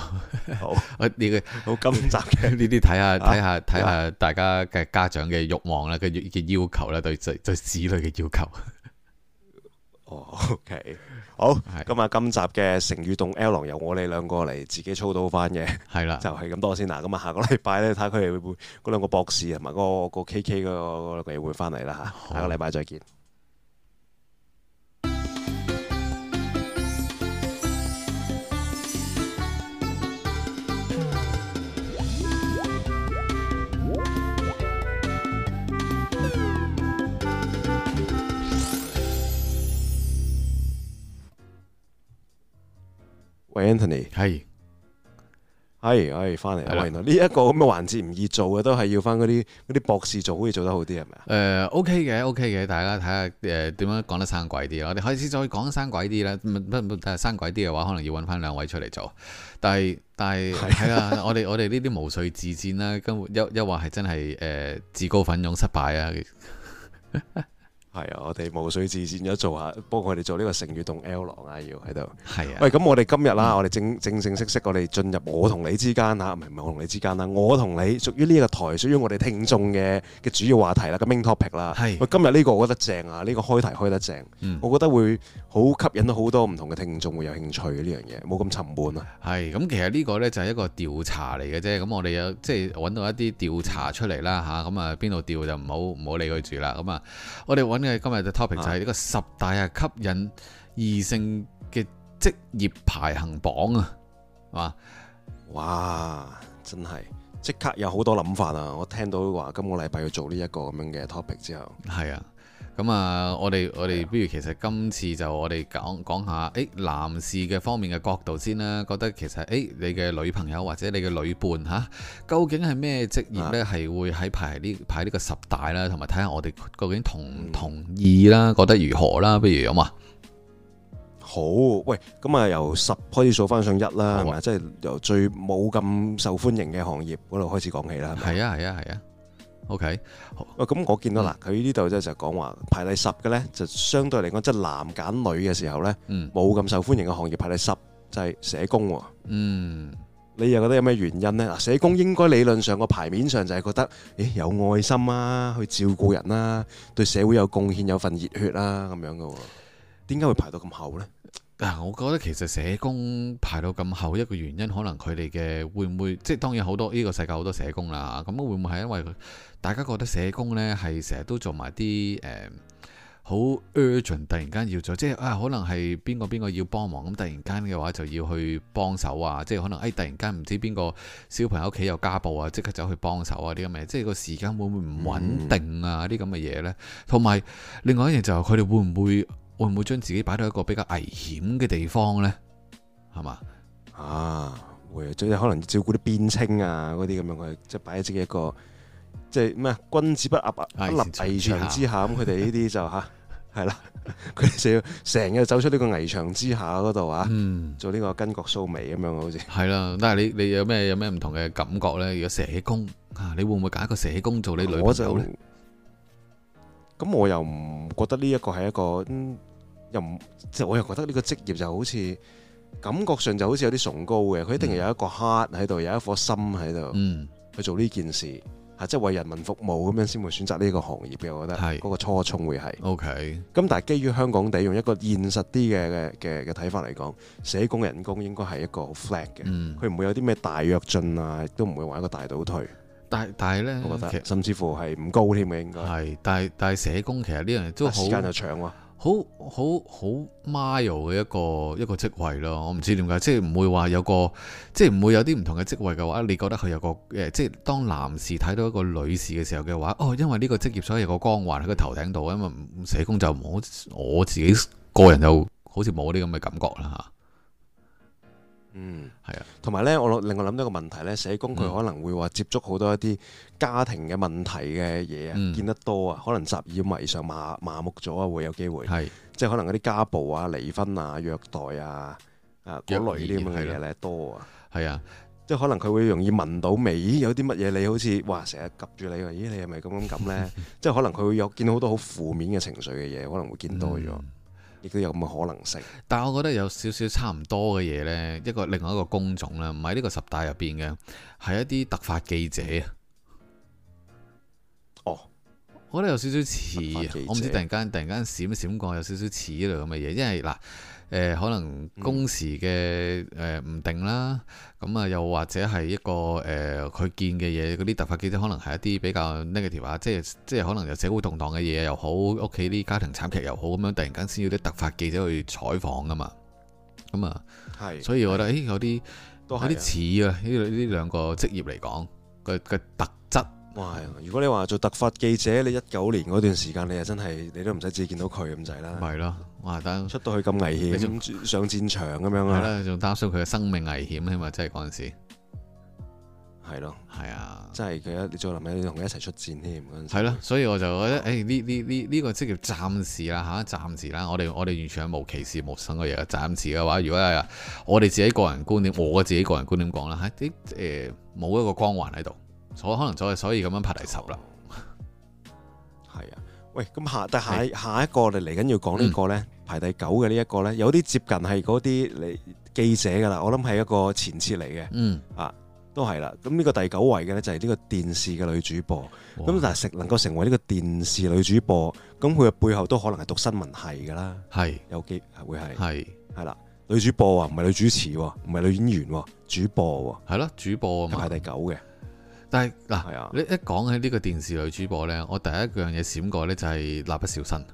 S1: 好，
S2: 呢個好金集嘅。呢啲睇下睇下睇下，大家嘅家長嘅欲望啦，嘅嘅要求啦，對對子女嘅要求。哦，OK。好，咁
S1: 啊的，今集嘅成語動 L 廊由我哋兩個嚟自己操刀翻嘅，係啦的， 就係咁多先啦。咁啊，下個禮拜咧，睇下佢哋會唔會嗰兩個博士啊，同埋嗰個個 K K 嗰個嘢會翻嚟啦吓。下個禮拜再見。喂，Anthony，係的，係，係的，翻嚟。喂，呢
S2: 一個咁嘅環節唔易做嘅，都係要翻嗰啲啲博士做，可以做得好啲，係咪啊？誒、呃、，OK 嘅，OK 嘅，大家睇下，誒、呃，點樣講得生鬼啲啦？我哋開始再講生鬼啲啦，不但係生鬼啲嘅話，可能要揾翻兩位出嚟做。但係但係係啊，我哋我哋呢啲毛遂自薦啦，根本一一話係真係誒，自告奮勇失敗啊！ 係啊，我哋毛遂自薦咗做下，幫我哋做呢個成語動 L 廊啊，要喺度。係是啊，
S1: 喂，咁、嗯、我哋今日啦，我哋正正正式式我哋進入我同你之間啊，唔係唔係我同你之間啦，我同你屬於呢一個台，屬於我哋聽眾嘅嘅主要話題啦，咁 main topic 啦。喂，是啊、今日呢個我覺得正啊，呢、這個開題開得正，嗯、我覺得會好吸引到好多唔同嘅聽
S2: 眾會有興趣呢樣嘢，冇咁沉悶啊。係咁，其實呢個呢，就係一個調查嚟嘅啫，咁我哋有即係揾到一啲調查出嚟啦吓，咁啊邊度調就唔好唔好理佢住啦，咁啊、嗯嗯、我哋因為今日嘅 topic 就係呢個十大，啊，吸引異性嘅職業排行榜啊，哇！ 哇！真係即刻有好多諗法啊！我聽到話今個禮拜要做呢一個咁樣嘅 topic 之後，係啊。咁啊，我哋我哋不如其實今次就我哋講講下，誒、哎、男士嘅方面嘅角度先啦，覺得其實誒、哎、你嘅女朋友或者你嘅女伴嚇、啊，究竟係咩職業呢？係會喺排呢排呢個十大啦，同埋睇下我哋究竟同唔同意啦，嗯、覺得如何啦？不如咁啊，好，好，喂，
S1: 咁、嗯、啊由十開始數返上一啦吧，同埋即係由最冇咁受歡迎嘅行業嗰度開始講起啦。係啊，係啊，係啊。OK，咁我見到啦，佢呢度即係就講話排第十嘅呢，就相對嚟講即係男揀女嘅時候呢，冇咁、嗯、受歡迎嘅行業排第十就係、是、社工喎、啊。嗯，你又覺得有咩原因呢？嗱，社工應該理論上個牌面上就係覺得，誒、欸、有愛心啊，去照顧人啦、啊，對
S2: 社會有貢獻，有份熱血啦、啊、咁樣嘅喎、啊，點解會排到咁後呢？嗱、啊，我覺得其實社工排到咁後一個原因，可能佢哋嘅會唔會，即係當然好多呢、這個世界好多社工啦。咁會唔會係因為大家覺得社工呢係成日都做埋啲誒好、呃、urgent，突然間要做，即係啊可能係邊個邊個要幫忙，咁突然間嘅話就要去幫手啊，即係可能誒突然間唔知邊個小朋友屋企有家暴啊，即刻走去幫手啊啲咁嘅，即係個時間會唔會唔穩定啊啲咁嘅嘢呢？同埋另外一樣就係佢哋會唔會？會唔會將自己擺到一個比較危險嘅地方咧？係嘛？啊，會，即係可能照顧啲邊青啊，嗰
S1: 啲咁樣，嘅，即係擺喺自己一個，即係咩？君子不立不立危牆之下，咁佢哋呢啲就吓係啦，佢哋的、啊、就要成日走出呢個危牆之下嗰度
S2: 啊，做呢個巾幗鬚眉咁樣，好似係啦。但係你你有咩有咩唔同嘅感覺咧？如果社工啊，你會唔會揀一個社工做你女朋友咧？
S1: 咁我又唔覺得呢一個係一個，嗯、又唔即係我又覺得呢個職業就好似感覺上就好似有啲崇高嘅，佢、嗯、一定係有一個 heart 喺度，有一顆心喺度，嗯、去做呢件事，係即係為人民服務咁樣先會選擇呢個行業嘅，我覺得係嗰個初衷會係。O K。咁、okay，但係基於香港地，用一個現實啲嘅嘅嘅嘅睇法嚟講，社工人工應該係一個好 flat 嘅，佢唔、嗯、會有啲咩大躍進啊，都唔會話一個
S2: 大倒退。但係但係咧，我覺得甚至乎係唔高添嘅，應該係。但係但係社工其實呢樣嘢都好，時間就長喎，好好好 mile 嘅一個一個職位咯。我唔知點解，即係唔會話有個，即係唔會有啲唔同嘅職位嘅話，你覺得佢有個誒，即係當男士睇到一個女士嘅時候嘅話，哦，因為呢個職業所以有個光環喺個頭頂度，因為社工就唔好，我自己個人就好似冇啲咁嘅感覺啦嚇。
S1: 嗯，係啊，同埋咧，我另外諗到一個問題咧，社工佢可能會話接觸好多一啲家庭嘅問題嘅嘢啊，嗯、見得多啊，可能習以爲常麻麻木咗啊，會有機會，係是即係可能嗰啲家暴啊、離婚啊、虐待啊啊嗰類啲咁嘅嘢咧多啊，係啊，即係可能佢會容易聞到味，咦，有啲乜嘢你好似話成日及住你，咦你係咪咁咁咁咧？ 即係可能佢會有見到好多好
S2: 負面嘅情緒嘅嘢，可能會見多咗。嗯。亦都有咁嘅可能性，但係我覺得有少少差唔多嘅嘢呢，一個另外一個工種啦，唔係呢個十大入邊嘅，係一啲突發記者。哦，我覺得有少少似，我唔知突然間突然間閃閃過有少少似呢類咁嘅嘢，因為嗱。誒、呃、可能工時嘅誒唔定啦，咁啊又或者係一個誒佢、呃、見嘅嘢，嗰啲突發記者可能係一啲比較 negative 啊，即係即係可能有社會動盪嘅嘢又好，屋企啲家庭慘劇又好，咁樣突然間先要啲突發記者去採訪㗎嘛，咁啊係，是所以我覺得誒的、欸、有啲有啲似啊，呢呢、啊、兩個職業嚟講
S1: 嘅嘅特質。哇，如果你話做突發記者，你一九年嗰段時間，你又真係你都唔使自己見到佢咁滯啦。係咯，哇！等出到去咁危險，你就上戰場
S2: 咁樣啊！係仲擔心佢嘅生命危險啊嘛，真係嗰陣時。係咯，係啊，真係其一，你做諗下，你同佢一齊出戰添，係咯。所以我就覺得，誒呢呢呢呢個職業、這個、暫時啦嚇、啊，暫時啦，我哋我哋完全係無歧視、無審嘅嘢。暫時嘅話，如果係我哋自己個人觀點，我自己個人觀點講啦嚇，啲、欸、冇、呃、一個光環喺度。可能就係所以咁樣排第十啦。係啊，喂，咁
S1: 下但下是下一個我嚟緊要講呢、呢個咧，嗯、排第九嘅呢一個咧，有啲接近係嗰啲你記者噶啦。我諗係一個前設嚟嘅，嗯、啊，都係啦。咁呢個第九位嘅咧就係呢個電視嘅女主播。咁哇但係能夠成為呢個電視女主播，咁佢嘅背後都可能係讀新聞系噶啦，係是有機會係，係係啦。女主播啊，唔係女主持喎，唔係女演員喎，主播喎，
S2: 係咯、啊，主播排第九嘅。但係嗱，係啊，你一講起呢個電視女主播咧，我第一樣嘢閃過咧就係蠟筆小新。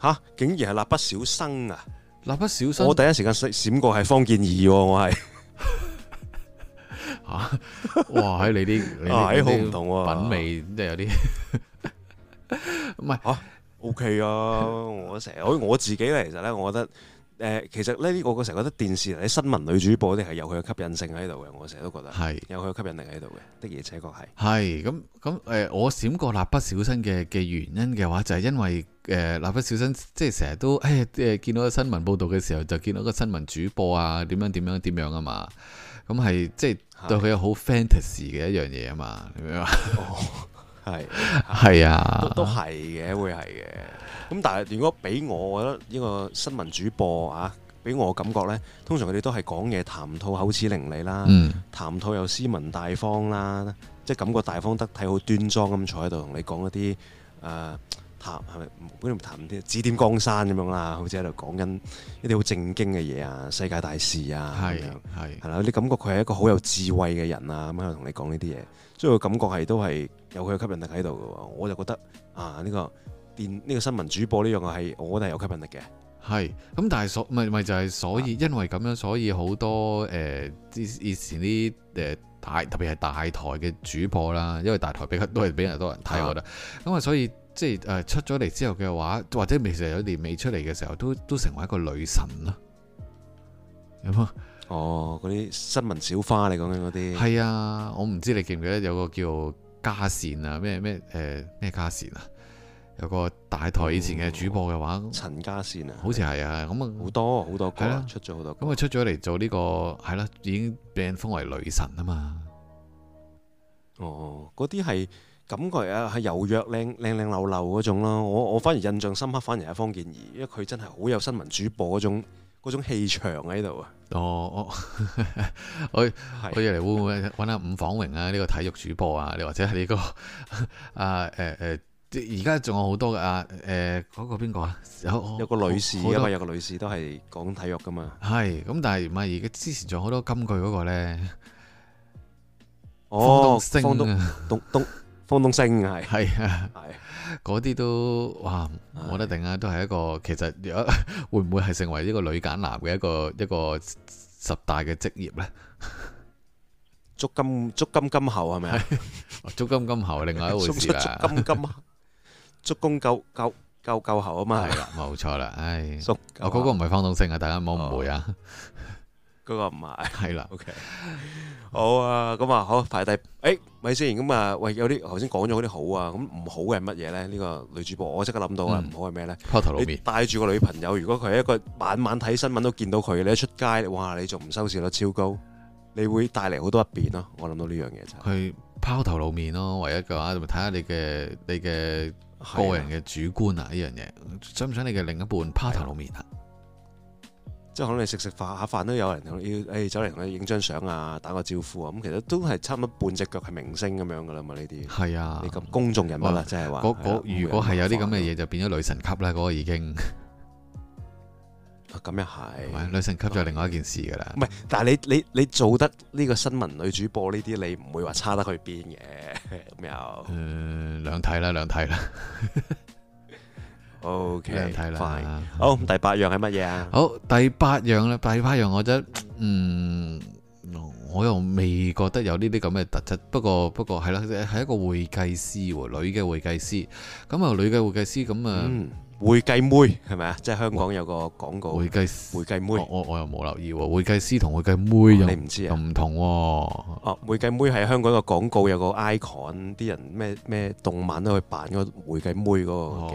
S2: 吓，竟然係蠟筆小新啊！
S1: 蠟筆小新，我第一時間閃閃過係方健儀，我係。吓，哇！喺你啲，你啲，好唔同啊，品味真係有啲唔係吓。OK 啊，我成日我自己咧，其實咧，我覺得。誒，其實咧，我我成日覺得電視嗰啲新聞女主播咧係有佢嘅吸引性喺度嘅，我成日都覺得，係有佢嘅吸引力喺度嘅，是的而且確係。
S2: 係咁咁，誒、呃，我閃過蠟筆小新嘅嘅原因嘅話，就係、是、因為誒蠟筆小新即係成日都誒、哎呃，見到個新聞報道嘅時候就見到個新聞主播啊，點樣點樣點樣啊嘛，咁係即係對佢有好 fantasy 嘅一樣嘢啊嘛，咁樣，明唔明啊是。係係啊，是啊都都
S1: 係嘅，會係嘅。咁但係如果俾我，我覺得呢個新聞主播啊，俾我感覺呢，通常佢哋都係講嘢談吐口齒伶俐啦，嗯、談吐又斯文大方啦、啊，即係感覺大方得體，好端莊咁坐喺度同你講一啲誒、啊、談係咪？嗰啲談啲指點江山咁樣啦，好似喺度講緊一啲好正經嘅嘢啊，世界大事啊咁樣係係啦，你感覺佢係一個好有智慧嘅人啊，咁喺度同你講呢啲嘢。即係個感覺係都係有佢嘅吸引力喺度嘅喎，我就覺得
S2: 啊呢、這個電呢、這個這個新聞主播呢樣嘅係，我覺得係有吸引力嘅。係咁，但係所咪咪就係所以，因為咁樣，所以好多誒之、呃、以前啲誒、呃、大特別係大台嘅主播啦，因為大台比較都係俾人多人睇，的我覺得。咁啊，所以即係誒出咗嚟之後嘅話，或者未成有年未出嚟嘅時候，都都成為一個女神咯。有冇？哦，嗰啲新聞小花你講緊嗰啲，係啊，我唔知你記唔記得有個叫嘉善啊，咩咩誒咩嘉善啊，有個大台以前嘅主播嘅話，哦、陳嘉善啊，好似係啊，咁啊好多好多，係、啊、出咗好多，咁、這個、啊出咗嚟做呢個係啦，已經被人封為女神啊嘛。哦，嗰啲係感覺啊係柔弱靚、靚靚
S1: 靚流流嗰種咯。我我反而印象深刻，反而係方健儀，因為佢真係好有新聞主播嗰種。
S2: 嗰種氣場喺度啊！哦，我我我要嚟揾下伍晃榮啊，呢、呢個體育主播啊，你或者係呢個啊誒誒，而家仲有好多啊誒嗰、呃嗰個邊個啊？有有個女士因為，有個女士都係
S1: 講體育噶嘛。
S2: 係咁，但係唔係而家之前仲有好多金句嗰個咧，哦啊？方東昇，方東東東，方東昇係係啊，係。嗰啲都哇，我覺得定啊？都係一個其實，如果會唔會係成為一個女揀男嘅一個一個十大嘅職業呢？足金足金金猴係咪啊？足金金猴係另外一回事啦。足金金
S1: 足弓夠夠夠夠猴啊嘛！係啦，冇錯啦，唉，我嗰個唔
S2: 係方東升啊，大家唔好誤會啊。
S1: 嗰個唔係，係啦，OK，好啊，咁啊，好排第，哎、欸，咪先，咁啊，喂，有啲頭先講咗嗰啲好啊，咁唔好嘅係乜嘢咧？呢、這個女主播，我即刻諗到啊，唔好係咩咧？拋頭露面，帶住個女朋友，如果佢係一個晚晚睇新聞都見到佢，你一出街，哇，你仲唔收視率超高？你會帶嚟好多不便咯。
S2: 我諗到呢樣嘢就係、是、拋頭露面咯。唯一嘅話，就睇下你嘅你嘅個人嘅主觀啊，呢樣嘢想唔想你嘅另一半拋頭露面啊？
S1: 即可能你食食飯下飯都有人要，誒、欸、走嚟去影張相啊，打個招呼啊，咁、嗯、其實都係差唔多半隻腳係明星咁樣噶啦嘛，呢啲係啊，你咁公眾人物啦，即係話嗰嗰如果係有啲咁
S2: 嘅嘢，就變咗女神級啦，嗰個已經啊，咁又係女神級就另外一件事噶啦，唔係、嗯，但係你你你，你做得呢個新聞女主播
S1: 呢啲，你唔會話差得去邊嘅咁又，嗯，兩睇啦，兩睇啦。 O K，睇啦，好第八樣係乜嘢啊？好
S2: 第八樣啦，第八樣我覺得，嗯，我又未覺得有呢啲咁嘅特質。不過不過，係啦，係一個會計師喎，女嘅會計師。咁啊，女嘅會計師咁啊，會計妹係咪啊？即係香港有個廣告，會計會計妹。我我又冇留意喎，會計師同會計妹你唔知，又唔同。哦，
S1: 會計妹係香港一個廣告，有個 icon，啲人咩咩動漫都去扮嗰個會計
S2: 妹嗰個嘅。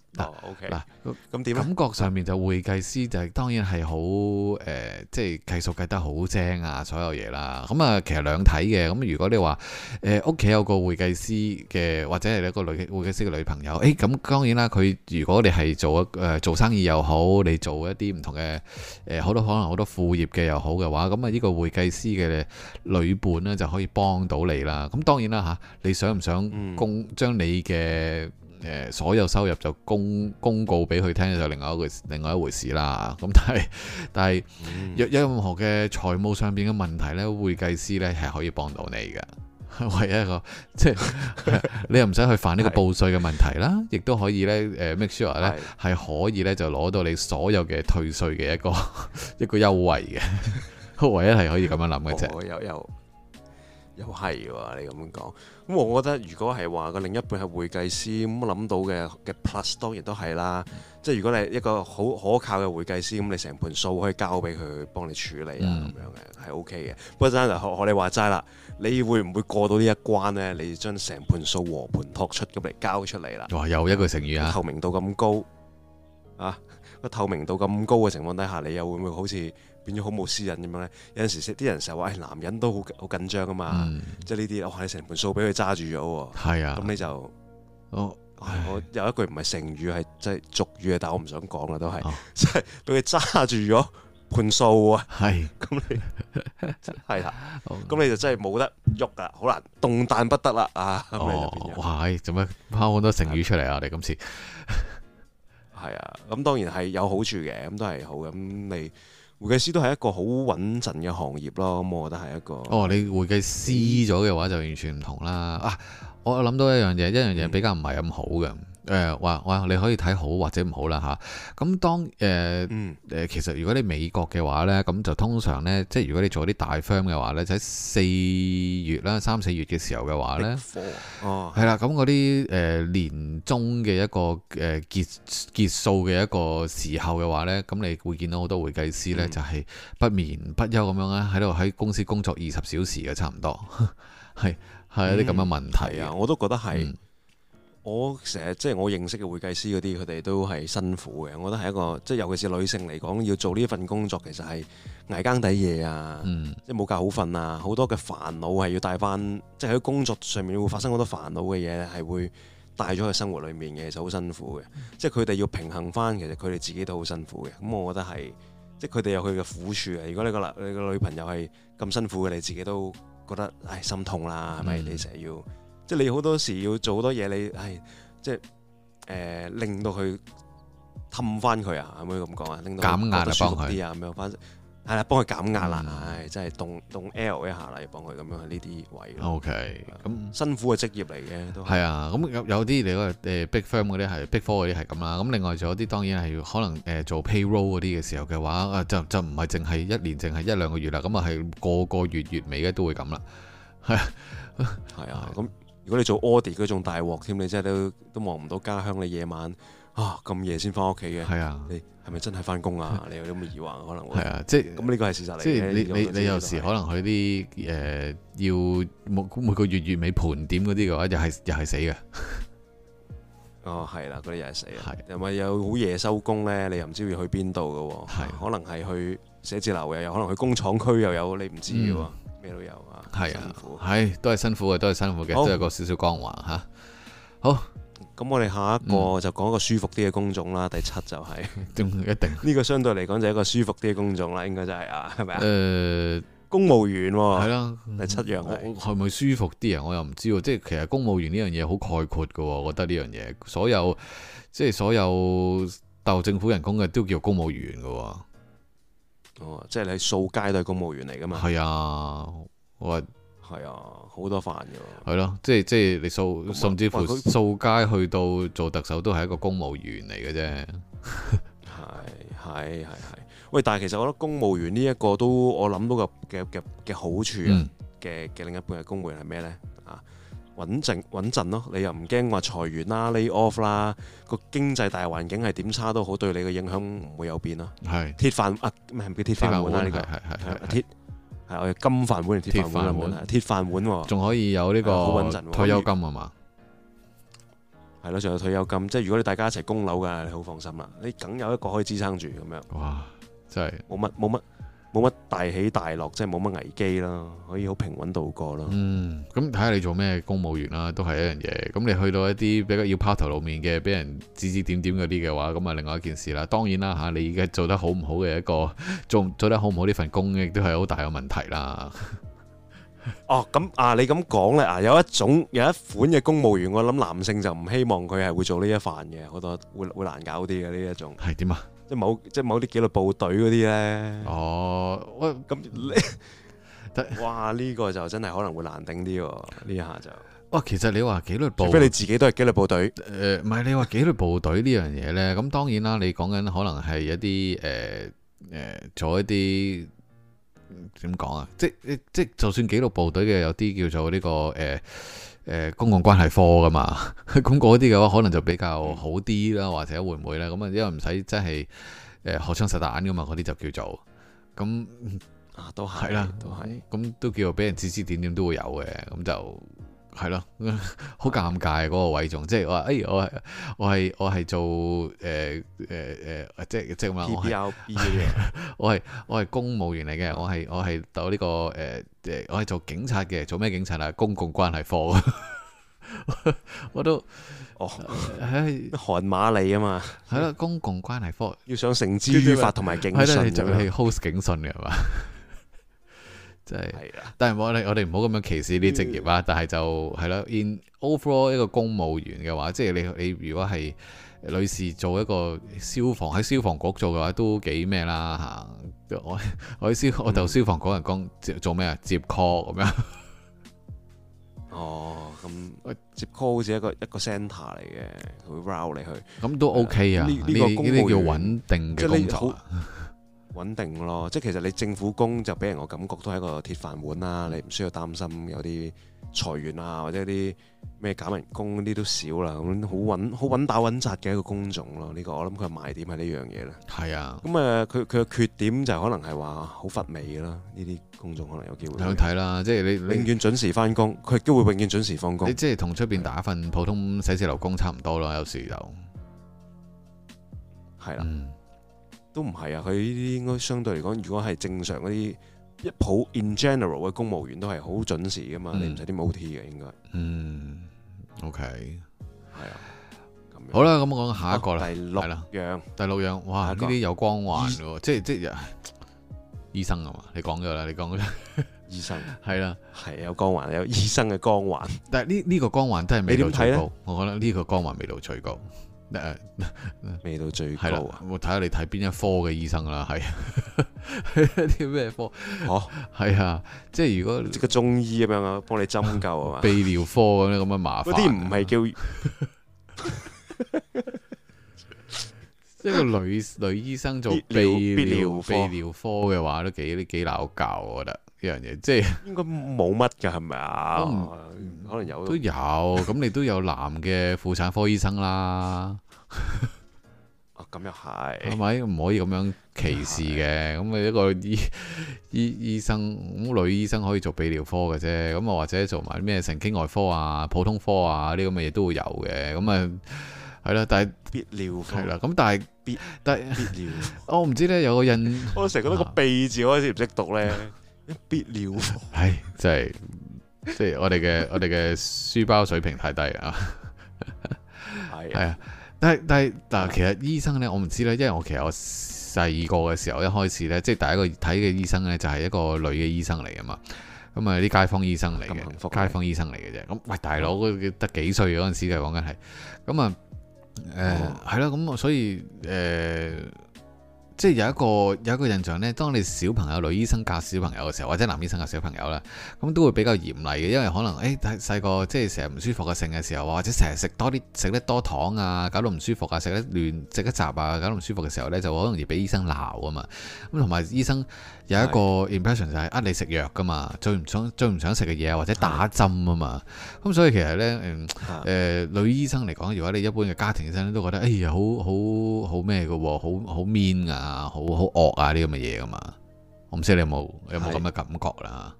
S2: OK，嗱，咁點、oh, okay. 感覺上面就會計師就係當然係好，誒、呃，即係計數計得好精啊，所有嘢啦。咁啊，其實兩睇嘅。咁如果你話誒，屋、呃、企有個會計師嘅，或者係一個女會計師嘅女朋友，誒，咁當然啦，佢如果你係做誒、呃、做生意又好，你做一啲唔同嘅，誒、呃，好多可能好多副業嘅又好嘅話，咁啊，呢個會計師嘅女伴咧就可以幫到你啦。咁當然啦，吓、啊，你想唔想公將你嘅？嗯誒，所有收入就公公告俾佢聽就另外一回另外一回事啦。咁但係但係若有任何嘅財務上邊嘅問題咧，會計師咧係可以幫到你嘅，唯一一個即係 你又唔使去煩呢個報稅嘅問題啦，亦都 可以咧誒、呃、make sure 咧係 可以咧就攞到你所有嘅退稅嘅一個 一個優惠嘅，唯一係可以咁樣諗嘅啫。
S1: 又係喎，你咁樣講，咁我覺得如果係話個另一半係會計師咁諗到嘅嘅 plus 當然都係啦，即係如果你一個好可靠嘅會計師，咁你成盤數可以交俾佢幫你處理啊咁、嗯、樣嘅，係 OK 嘅。不過真係學學你話齋啦，你會唔會過到呢一關呢？你將成盤數和盤托出咁嚟交出嚟啦？又一個成語啊，啊，透明度咁高啊，個透明度咁高嘅情況底下，你又會唔會好似？變咗好冇私隱咁樣咧，有陣時啲人成日話，誒男人都好好緊張噶嘛，即係呢啲我係成盤數俾佢揸住咗，係啊，咁你就，我我有一句唔係成語，係即係俗語啊，但我唔想講啦，都係即係俾佢揸住咗盤數啊，係，咁你係啦，咁你就真係冇得喐啊，好難動彈不得啦啊，
S2: 哦，哇，做咩拋好多成語出嚟啊？你今次係啊，
S1: 咁當然係有好處嘅，咁都係好，咁你。會計師都係一個好穩陣嘅行業咯，我覺得係一個。哦，你
S2: 會計師咗嘅話就完全唔同啦。啊，我諗到一樣嘢，一樣嘢比較唔係咁好嘅。嗯誒話話你可以睇好或者唔好啦吓，咁、啊、當誒誒、呃嗯、其實如果你美國嘅話咧，咁就通常咧，即係如果你做啲大 firm 嘅話咧，喺四月啦、三四月嘅時候嘅話咧，Big Four，哦，係啦、啊，咁嗰啲誒年終嘅一個誒結結數嘅一個時候嘅話咧，咁你會見到好多會計師咧，嗯、就係不眠不休咁樣咧，喺度喺公司工作二十小時嘅差唔多，係係一啲咁嘅問題、嗯、啊，我都覺得係、嗯。
S1: 我成日即係我認識嘅會計師嗰啲，佢哋都係辛苦嘅。我覺得係一個即係尤其是女性嚟講，要做呢份工作，其實係捱更抵夜啊、嗯，即係冇覺好瞓啊，好多嘅煩惱係要帶翻，即係喺工作上面會發生好多煩惱嘅嘢，係會帶咗去生活裡面嘅，其實好辛苦嘅。嗯、即係佢哋要平衡翻，其實佢哋自己都好辛苦嘅。咁我覺得係，即係佢哋有佢嘅苦處啊。如果你個你個女朋友係咁辛苦嘅，你自己都覺得唉心痛啦，係咪？嗯、你成日要。即係你好多時要做好多嘢，你唉，即係誒令到佢氹翻佢啊，可唔可以咁講啊？令到佢舒適啲啊，咁樣翻係啦，幫佢減壓啦，唉，嗯、真係動動 L 一下啦，要幫佢咁樣喺呢啲
S2: 位。OK，咁
S1: 辛苦嘅職業嚟嘅都係啊。
S2: 咁有有啲你嗰 big firm 嗰啲係 big four 嗰啲係咁啦。咁另外仲有啲當然係可能誒做 payroll 嗰啲嘅時候嘅話，就就唔係淨係一年，淨係一兩個月啦。咁啊係個個月月尾咧都會咁啦。係啊，係啊，咁。如果你做 audit 嗰種大鑊添，你真係都
S1: 都望唔到家鄉。你夜晚啊咁夜先翻屋企嘅，係啊，你係咪真係翻工啊？你有啲疑惑可能係啊，即係咁呢個係事實嚟嘅。即係你你有時可
S2: 能去啲誒要每每個月月尾盤點嗰啲嘅話，又係又係死嘅。
S1: 哦，係啦，嗰啲又係死，係又咪有好夜收工咧？你又唔知要去邊度嘅？係可能係去寫字樓又有，可能去工廠區又有，你唔知嘅。咩都有啊，係啊，係都係辛苦嘅，哎，都係辛苦嘅，都有好個少少光環吓。好，咁，嗯，我哋下一個就講一個舒服啲嘅工種啦。第七就係、是，嗯，一定呢個相對嚟
S2: 講就係一個舒服啲嘅工種啦。應該就係啊，係咪啊？誒、呃，公務員係、啊、咯，啊嗯，第七樣係，咪舒服啲啊？我又唔知喎。即係其實公務員呢樣嘢，好概括嘅，我覺得呢樣嘢，所有即係所有受政府人工嘅都叫公務員嘅。哦、即係你掃街都係公務員嚟噶嘛？係啊，我係啊，好多飯噶。係咯、啊，即係即係你掃，公務，甚至乎掃街去到做特首都係一個公務員嚟嘅啫。係係係
S1: 係，喂！但係其實我覺得公務員呢一個都我，我諗到嘅嘅嘅嘅好處嘅嘅另一半嘅公務員係咩咧？穩陣穩陣咯，你又唔驚話裁員啦、lay off 啦，個經濟大環境係點差都好，對你嘅影響唔會有變咯。係鐵飯，鐵飯啊，唔係叫鐵飯碗，係係係係鐵係我哋金飯碗定鐵飯碗？鐵飯碗仲可以有呢個退休金啊嘛，係咯，仲有退休金，即係如果你大家一齊供樓嘅，你好放心啦，你梗有一個可以支撐住咁樣。哇！真係冇乜冇乜。冇乜大起大落，即係冇乜危機啦，可以好平穩
S2: 度過咯。嗯，咁睇下你做咩公務員啦，都係一樣嘢。咁你去到一啲比較要拋頭露面嘅，俾人指指點點嗰啲嘅話，咁啊另外一件事啦。當然啦吓、啊，你而家做得好唔好嘅一個做做得好唔好呢份工，亦都係好大嘅問題啦。
S1: 哦、啊，咁啊，你咁講咧啊，有一種有一款嘅公務員，我諗男性就唔希望佢係會做呢一份嘅，我覺得會會難搞啲嘅呢一種。係點啊？即係某即係某啲紀律部隊嗰啲呢？哦，喂，咁你， 哇，呢個就真係可能會難頂啲喎，呢下就，
S2: 哇、哦，其實你話紀律部隊，除非你自己都係紀律部隊，誒、呃，唔係你話紀律部隊呢樣嘢呢？咁當然啦，你講緊可能係一啲誒誒，做一啲。點講啊？即係即係，就算紀律部隊嘅有啲叫做呢、這個誒誒、呃呃、公共關係科噶嘛，咁嗰啲嘅話可能就比較好啲啦，或者會唔會咧？咁啊，因為唔使真係誒、呃、學槍實彈噶嘛，嗰啲就叫做咁啊，都係係啦，都係咁、嗯、都叫做俾人指指點點都會有嘅，咁、嗯、就。係咯，好是 尷尬嗰個位仲，即係我話，哎，我係我係我係做誒誒誒，即係即係咁啦，我係我係公務員嚟嘅， 我係我係到呢個誒誒，我係做，這個呃、做警察嘅，做咩警察啦？公共關係科， 我都哦，係韓是馬利啊嘛，係啦對，公共關係科，要想繩之於法同埋警訊，就要去 host 警訊嘅嘛。係，但係我哋我哋唔好咁樣歧視啲職業啊！但係就係啦，in overall 一個公務員嘅話，即係你你如果係女士做一個消防喺消防局做嘅話，都幾咩啦嚇！我我消我就消防局人工做做咩啊？接 call 咁樣啊？哦，咁接 call 好似一個一個 center 嚟
S1: 嘅，佢 round 你去，
S2: 咁都 OK 啊？呢呢個呢啲叫穩定嘅工作。
S1: 穩定咯，即係其實你政府工就俾人個感覺都係一個鐵飯碗啦，你唔需要擔心有啲裁員啊，或者啲咩減人工嗰啲都少啦，咁好穩好穩打穩紮嘅一個工種咯。呢個我諗佢賣點係呢樣嘢咧。係啊，咁誒佢佢嘅缺點就可能係話好乏味咯，呢啲工種可能有機會睇啦，即係你永遠準時翻工，
S2: 佢都會永遠準時放工。你即係同出邊打份普通寫字樓工差唔多咯，有時就係啦。都唔係啊，佢呢啲
S1: 應該相對嚟講，如果係正常嗰啲一普 in general 嘅公務員都係好
S2: 準時㗎嘛，嗯、你唔使啲 OT 嘅應該。嗯，OK，係啊，咁樣。好啦，咁我講下一個啦，係啦、哦，樣第六樣，六樣哇呢啲有光環嘅喎醫，即係即係醫生啊嘛，你講咗啦，你講啦，醫生係啦，係 的有光環，有醫生嘅光環， 但係呢呢個光環真係未到最高，我覺得呢個光環未到最高。誒，嗯嗯、未到最高看看看 科啊！我睇下你睇邊一是是 科嘅醫生啦，係係啲咩科？吓，係啊，即係如果即係中
S1: 醫咁樣啊，幫你針灸啊嘛？泌
S2: 尿科咁樣咁啊麻煩。嗰啲唔係叫， 即係個女女醫生做泌尿泌尿科嘅話，都幾幾鬧教我覺得。一樣嘢，即係應該冇乜㗎，係咪啊？可能有都有咁，你都有男嘅婦產科醫生啦。咁又係係咪唔可以咁樣歧視嘅？咁你就一個醫醫醫生咁女醫生可以做泌尿科嘅啫。咁啊，或者做埋咩神經外科啊、普通科啊啲咁嘅嘢都會有嘅。咁啊，係啦，但係泌尿科係啦，咁但係必得泌尿。我唔但知咧，有個印，我成日覺得個鼻字我好似唔識讀咧。 必了、啊 哎，唉、就是，真係即係我哋嘅 我哋嘅書包水平太低啊，係啊，但係但係嗱，其實醫生咧，我唔知咧，因為我其實我細個嘅時候一開始咧，即、就、係、是、第一個睇嘅醫生咧，就係、是、一個女嘅醫生嚟嘅嘛，咁啊啲街坊醫生嚟嘅，街坊醫生嚟嘅啫，咁喂大佬佢得幾歲嗰陣時就講緊係，咁、呃、我啊誒係啦，咁所以誒。呃即係有一個有一個印象呢，當你小朋友女醫生教小朋友嘅時候，或者男醫生教小朋友啦，咁都會比較嚴厲嘅，因為可能誒細個即係成日唔舒服嘅性嘅時候，或者成日食多啲食得多糖啊，搞到唔舒服啊，食，食，食得亂食得雜啊，搞到唔舒服嘅時候呢，就好容易俾醫生鬧㗎嘛。咁同埋醫生有一個 impression 就係呃你食藥㗎嘛，最唔想最唔想食嘅嘢，或者打針啊、yeah. 嘛。咁所以其實呢，誒、呃、女醫生嚟講，如果你一般嘅家庭生都覺得哎呀好好好咩嘅喎，好好 mean 啊，好好惡啊！啲咁嘅嘢噶嘛，我唔知你有冇有冇咁嘅感覺啦。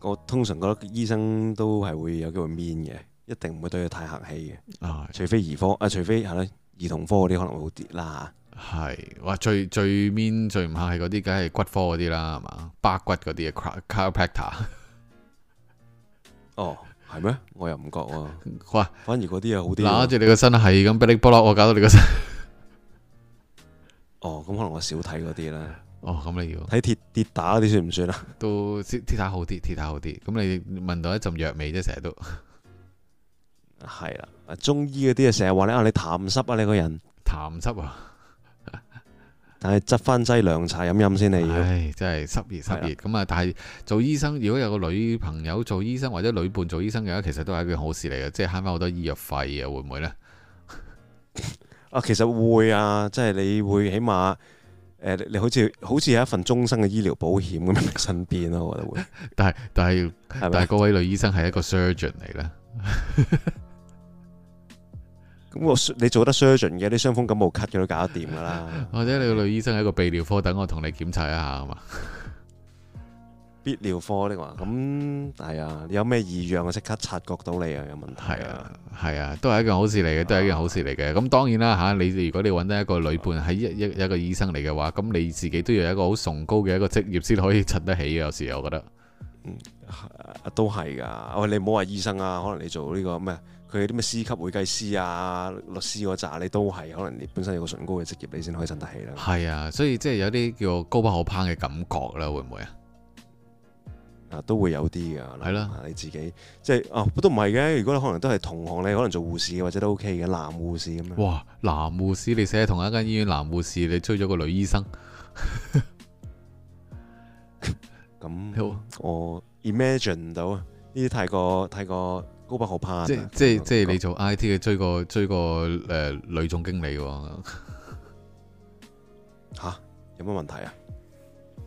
S1: 我通常覺得醫生都係會有機會 mean 嘅，一定唔會對佢太客氣嘅、哦。
S2: 啊，除非兒科啊，除非係咯，兒童科嗰啲可能會好啲啦。係，哇，最最 mean 最唔客氣嗰啲，梗係骨科嗰啲啦，係嘛，扒骨嗰啲嘅 chiropractor 哦，係咩？我又唔覺喎、啊。哇反而嗰啲又好啲、啊。嗱，拉住你個身係咁不立不落，我搞到你個身。哦，咁可能我少睇嗰啲咧。哦，咁你要睇鐵跌打嗰啲算唔算啊？都鐵打好啲，鐵打好啲。咁你聞到一陣藥味啫，成日都係啦。中
S1: 醫嗰啲啊，成日話你啊，你痰濕啊，你個人
S2: 痰濕濕啊。
S1: 但係執翻劑涼茶飲飲先，你唉，你真係
S2: 濕熱濕熱咁啊！的但係做醫生，如果有個女朋友做醫生或者女伴做醫生嘅話，其實都係一件好事嚟嘅，即係慳翻好多醫藥費啊！會唔會呢？ 啊，其實會啊，即係你會起碼，
S1: 誒、呃，你好似好似有一份終身嘅醫療保險咁樣身邊咯， 我覺得會。但係但係吧但係，嗰位女醫生係一個 surgeon 嚟啦。咁 我 你做得 surgeon 嘅，啲傷風感冒咳嘅都搞得掂噶啦。
S2: 或者你個女醫生喺一個泌尿科，等我同你檢查一下啊嘛。 必尿科嘅話，咁係、嗯、啊，你有咩異樣我即刻察覺到你啊，有問題啊，係啊，都係一件好事嚟嘅，都係一件好事嚟嘅。咁、嗯、當然啦吓、啊，你如果你揾得一個女伴喺一一一個醫生嚟嘅話，咁你自己都要有一個好崇高嘅一個職業先可以襯得起。有時我覺得，嗯、都係噶。喂、哎，你唔好話醫生啊，可能你做呢、這個咩，佢啲咩師級會計
S1: 師啊、律師嗰扎，你都係可能你本身有個崇高嘅職業，你先可以襯得起啦。係啊，所以即係有啲叫高不可攀嘅感覺啦，會唔會啊？的啊，都會有啲嘅，係啦，你自己即係啊，都唔係嘅。如果你可能都係同行，你可能做護士或者
S2: 都 OK 嘅，男護士咁樣。哇，男護士你寫喺同一間醫院，男護士你追咗個女醫生，咁 我 imagine 唔到
S1: 啊！呢啲太過太過高不可攀。即即即你做
S2: IT 嘅追個追個誒、呃、女總經理喎，嚇、 啊、有乜問題啊？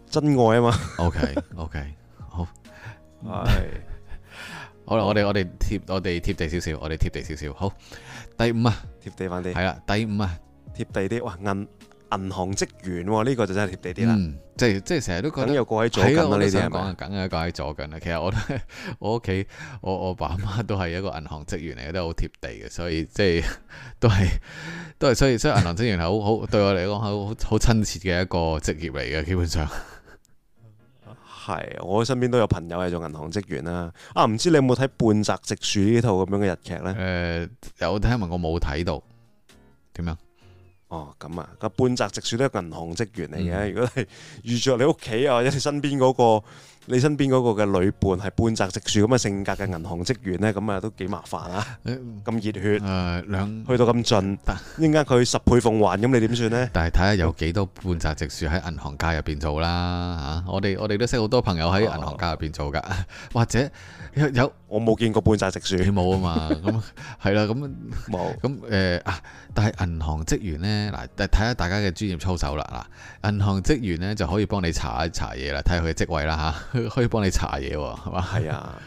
S2: 真愛啊嘛 ，OK OK。係， 好啦了，好，我哋我哋貼我哋貼地少少，我哋貼地少少。好，第五啊，貼地返啲，係啦，第五啊，貼地啲。哇，銀銀行職員、哦、呢、這個就真係貼地啲啦。即係即係成日都覺得有個喺左近啦、啊，呢啲係嘛？梗係個喺左近啦。其實我都我屋企我我爸阿媽都係一個銀行職員嚟嘅，都好貼地嘅，所以即係、就是、都係都係。所以所以銀行職員係好好對我嚟講好好好親切嘅一個職業嚟嘅，基本上。係，我身邊都有朋友係做銀
S1: 行職員啦、啊。啊，唔知你有冇睇《半澤直樹》呢套咁樣嘅日劇呢？誒、呃，有聽聞我冇睇到，點樣？哦，咁啊，個《半澤直樹》都係銀行職員嚟嘅，如果係遇著你屋企啊，或者你身邊嗰、嗰個。你身邊嗰個嘅女伴係半澤直樹咁嘅性格嘅銀行職員呢，咁啊都幾麻煩啊！咁、欸、熱血，誒、
S2: 呃、兩去到咁盡，點解佢十倍奉還咁？你點算呢？但係睇下有幾多半澤直樹喺銀行界入邊做啦嚇、啊！我哋我哋都識好多朋友喺銀行界入邊做㗎，哦哦、或者有。有我冇見過半扎食樹，你冇啊嘛？咁係啦，咁冇咁誒啊！但係銀行職員呢，嗱，睇下大家嘅專業操守啦。嗱，銀行職員呢，就可以幫你查一查嘢啦，睇下佢嘅職位啦嚇，可以幫你查嘢喎，係嘛？係啊。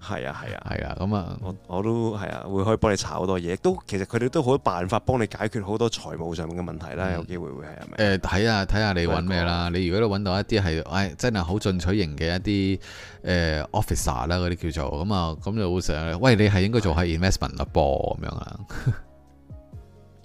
S2: 係啊，係啊，係啊，咁啊，我我都係啊，會可以幫你查好多嘢，都
S1: 其實佢哋都好多辦法幫你解決好多財務上面嘅問題啦。嗯、有機會會係
S2: 咪？誒、呃，睇下睇下你揾咩啦。你如果都揾到一啲係，誒、哎，真係好進取型嘅一啲誒、呃，officer 啦，嗰啲叫做，咁啊，咁就好想。喂，你係應該做下 investment 啦噃。咁、嗯、樣
S1: 啊？呵呵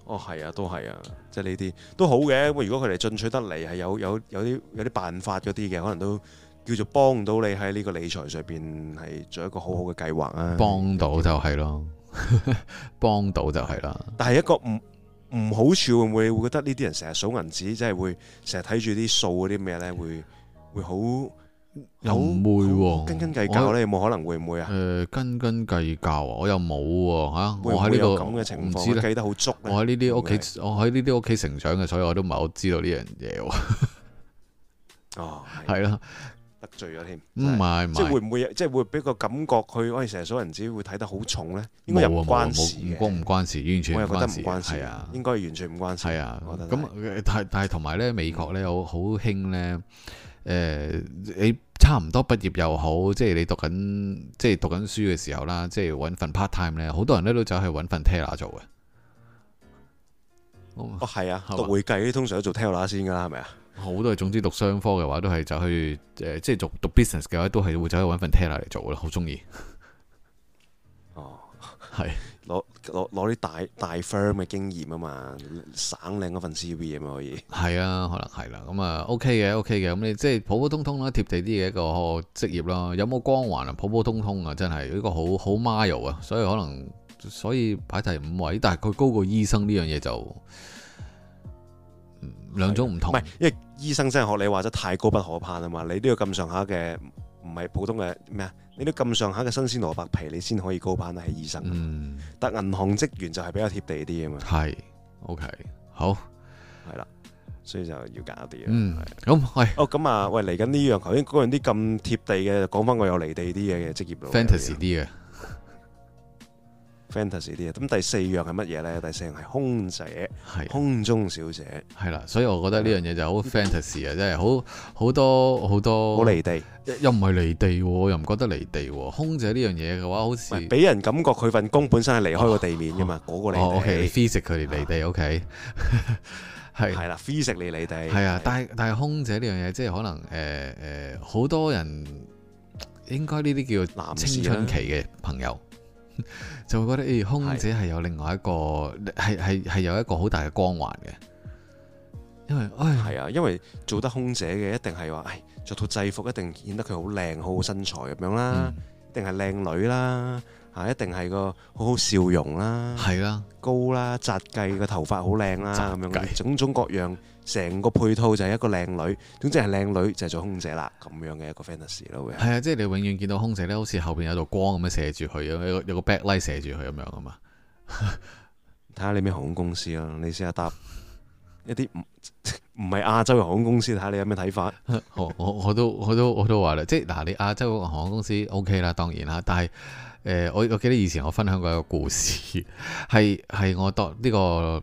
S1: 哦，係啊，都係啊，即係呢啲都好嘅。如果佢哋進取得嚟，係有有有啲有啲辦法嗰啲嘅，可能都。叫做幫到你喺呢個理財上邊係做一個好好嘅計劃啦，幫到就
S2: 係咯，幫 到
S1: 就係啦。但係一個唔唔好處會唔會會覺得呢啲人成日數銀紙，即係會成日睇住啲數嗰啲咩咧，會會好
S2: 又唔會喎、啊？斤斤計較咧，在有冇可能會唔會啊？誒、啊，斤斤計較我又冇喎，吓。會喺呢個咁嘅情況計得好足。我喺呢啲屋企，會會我喺呢啲屋企成長嘅，所以我都唔係好知道呢樣嘢。哦，
S1: 係啦。醉咗添，即係、嗯、會唔會，是會，會，會，會，即係會俾個感覺，佢可以成日數人只會睇得好重咧？應該又唔關事。
S2: 唔、啊啊、關事，完全唔關事。係啊，應該完全唔關事。係啊，咁但係同埋咧，有美國咧好好興咧，誒、呃，你差唔多畢業又好，即、就、係、是、你讀緊即係讀緊書嘅時候啦，即係搵份 part time 咧，好多人咧都走去搵份 teller 做嘅。
S1: 嗯、哦，係啊，吧讀會
S2: 計通常都做 teller 先噶啦，係咪啊？是好多係，總之讀商科嘅話，都係就去誒、呃，即係讀讀 business 嘅話，都係會走去揾份 teller 嚟做咯，好中意。 哦，係是，攞攞攞啲大大 firm 嘅經驗啊嘛，省領嗰份 CV 啊嘛，可以。係啊，可能係啦，咁、嗯、啊，OK 嘅，OK 嘅，咁、嗯、你即係普普通通啦，貼地啲嘅一個職業啦，有冇光環啊？普普通通啊，真係呢個好好 marry 啊，所以可能所以擺第五位，但係佢高過醫生呢樣嘢就。兩 種唔同，唔係，因
S1: 為醫生真係學你話齋太高不可攀啊嘛，你都要咁上下嘅，唔係普通嘅咩啊？你都咁上下嘅新鮮蘿卜皮，你先可以高攀得起醫生，嗯、但銀行職員就係比較貼地啲啊嘛，係，OK，好，係啦，所以就要揀啲
S2: 啊，咁
S1: 喂、嗯，哦的，咁啊、嗯 oh, 嗯，喂，嚟緊呢樣，頭先嗰樣啲咁貼地嘅，講翻個有離地啲嘅職業咯，fantasy 啲嘅。fantasy 啲嘢，咁第四樣係
S2: 乜嘢咧？第四樣係空姐，係空中小姐，係啦。所以我覺得呢樣嘢就好 fantasy 啊，即係好好多好多。好離地，又唔係離地，又唔覺得離地。空姐呢樣嘢嘅話，好似俾人感覺佢份工本身係離開個地面嘅嘛，嗰個
S1: 離地。哦，OK，physical 佢哋離
S2: 地，OK，係係啦
S1: ，physical 你離地，係啊。但
S2: 係但係空姐呢樣嘢，即係可能誒誒，好多人應該呢啲叫青春期嘅朋友。 就會覺得，哎，空姐係有另外一個，係係係有一個好大嘅光環嘅，因為，哎，係啊，因為
S1: 做得空姐嘅一定係話，哎，着套制服一定顯得佢好靚，好好身材咁樣啦，嗯，一定係靚女啦。啊！一定係個好好笑容啦，係啦、啊，高啦，紮髻個頭髮好靚啦，咁樣髻，種種各樣，成個配套就係一
S2: 個靚女，總之係靚女就係做空姐啦，咁樣嘅一個 fantasy 咯，會係啊，即係你永遠見到空姐咧，好似後邊有道光咁樣射住佢，有有個 backlight 射住佢咁樣啊嘛。睇 下你咩航空公司啊？你試下搭一啲唔唔係亞洲嘅航空公司，睇下你有咩睇法。 我我，我都我都我都話啦，即係嗱、啊，你亞洲航空公司 OK 啦，當然啦，但係。誒，我、呃、我記得以前我分享過一個故事，係係我當、這、呢個誒、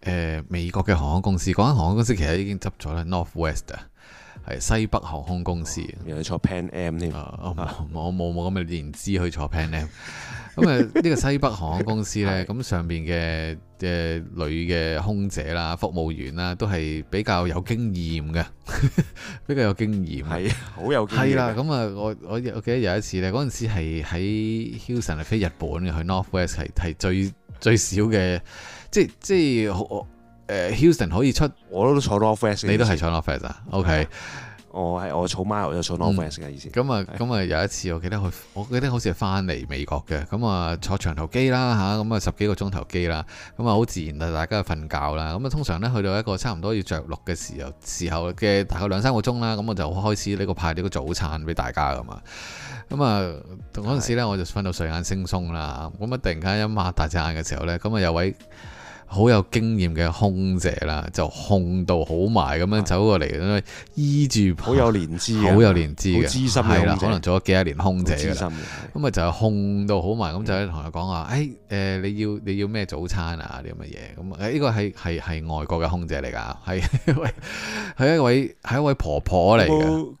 S2: 呃、美國嘅航空公司，講、那、緊、個、航空公司其實已經執咗啦，Northwest。係西北航空公司，原來坐 Pan Am 添啊！啊我冇冇咁嘅年資去坐 Pan Am 咁啊！呢 個西北航空公司咧，咁 上邊嘅嘅女嘅空姐啦、服務員啦，都係比較有經驗嘅， 比較有經驗，係好有經驗。係啦，咁啊，我我我記得有一次咧，嗰陣時係喺 Houston 係飛日本嘅，去 Northwest 係係最最少嘅，即即我。即 誒 Houston 可以出，我都坐 Northwest，你都係坐 Northwest 啊？OK，我係我坐 mile 就坐 Northwest 嘅意思。咁啊，咁啊有一次我記得去，我記得好似係翻嚟美國嘅，咁啊坐長途機啦嚇，咁啊十幾個鐘頭機啦，咁啊好自然就大家瞓覺啦，咁啊通常咧去到一個差唔多要着陸嘅時候，時候嘅大概兩三個鐘啦，咁我就開始呢個派呢個早餐俾大家噶嘛。咁啊同嗰陣時咧我就瞓到睡眼惺忪啦，咁啊突然間一擘大隻眼嘅時候咧，咁啊有位。好有經驗嘅空姐啦，就控到好埋咁樣走過嚟，依住好有年資，好、嗯、有年資嘅，係啦，可能做咗幾十年空姐啦。咁啊就控到好埋，咁就喺同佢講話，誒誒、嗯哎呃，你要你要咩早餐啊？啲咁嘅嘢咁啊？呢個係係係外國嘅空姐嚟噶，係 一位係一位係一位婆婆嚟嘅，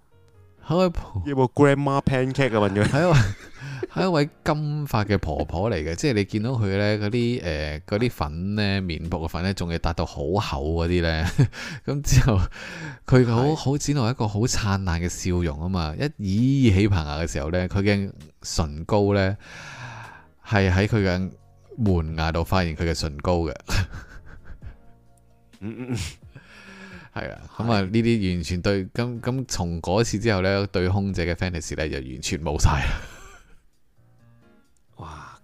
S2: 係位有冇 grandma pancake 嘅，問佢。 係一位金髮嘅婆婆嚟嘅，即係你見到佢呢嗰啲誒啲粉呢、面部嘅粉呢，仲要達到好厚嗰啲呢。咁 之後佢好好展露一個好燦爛嘅笑容啊嘛！一咦起，起棚牙嘅時候呢，佢嘅唇膏呢，係喺佢嘅門牙度發現佢嘅唇膏嘅。嗯 係 啊，咁啊呢啲完全對咁咁，從嗰次之後呢，對空姐嘅 fantasy 呢，就完全冇晒。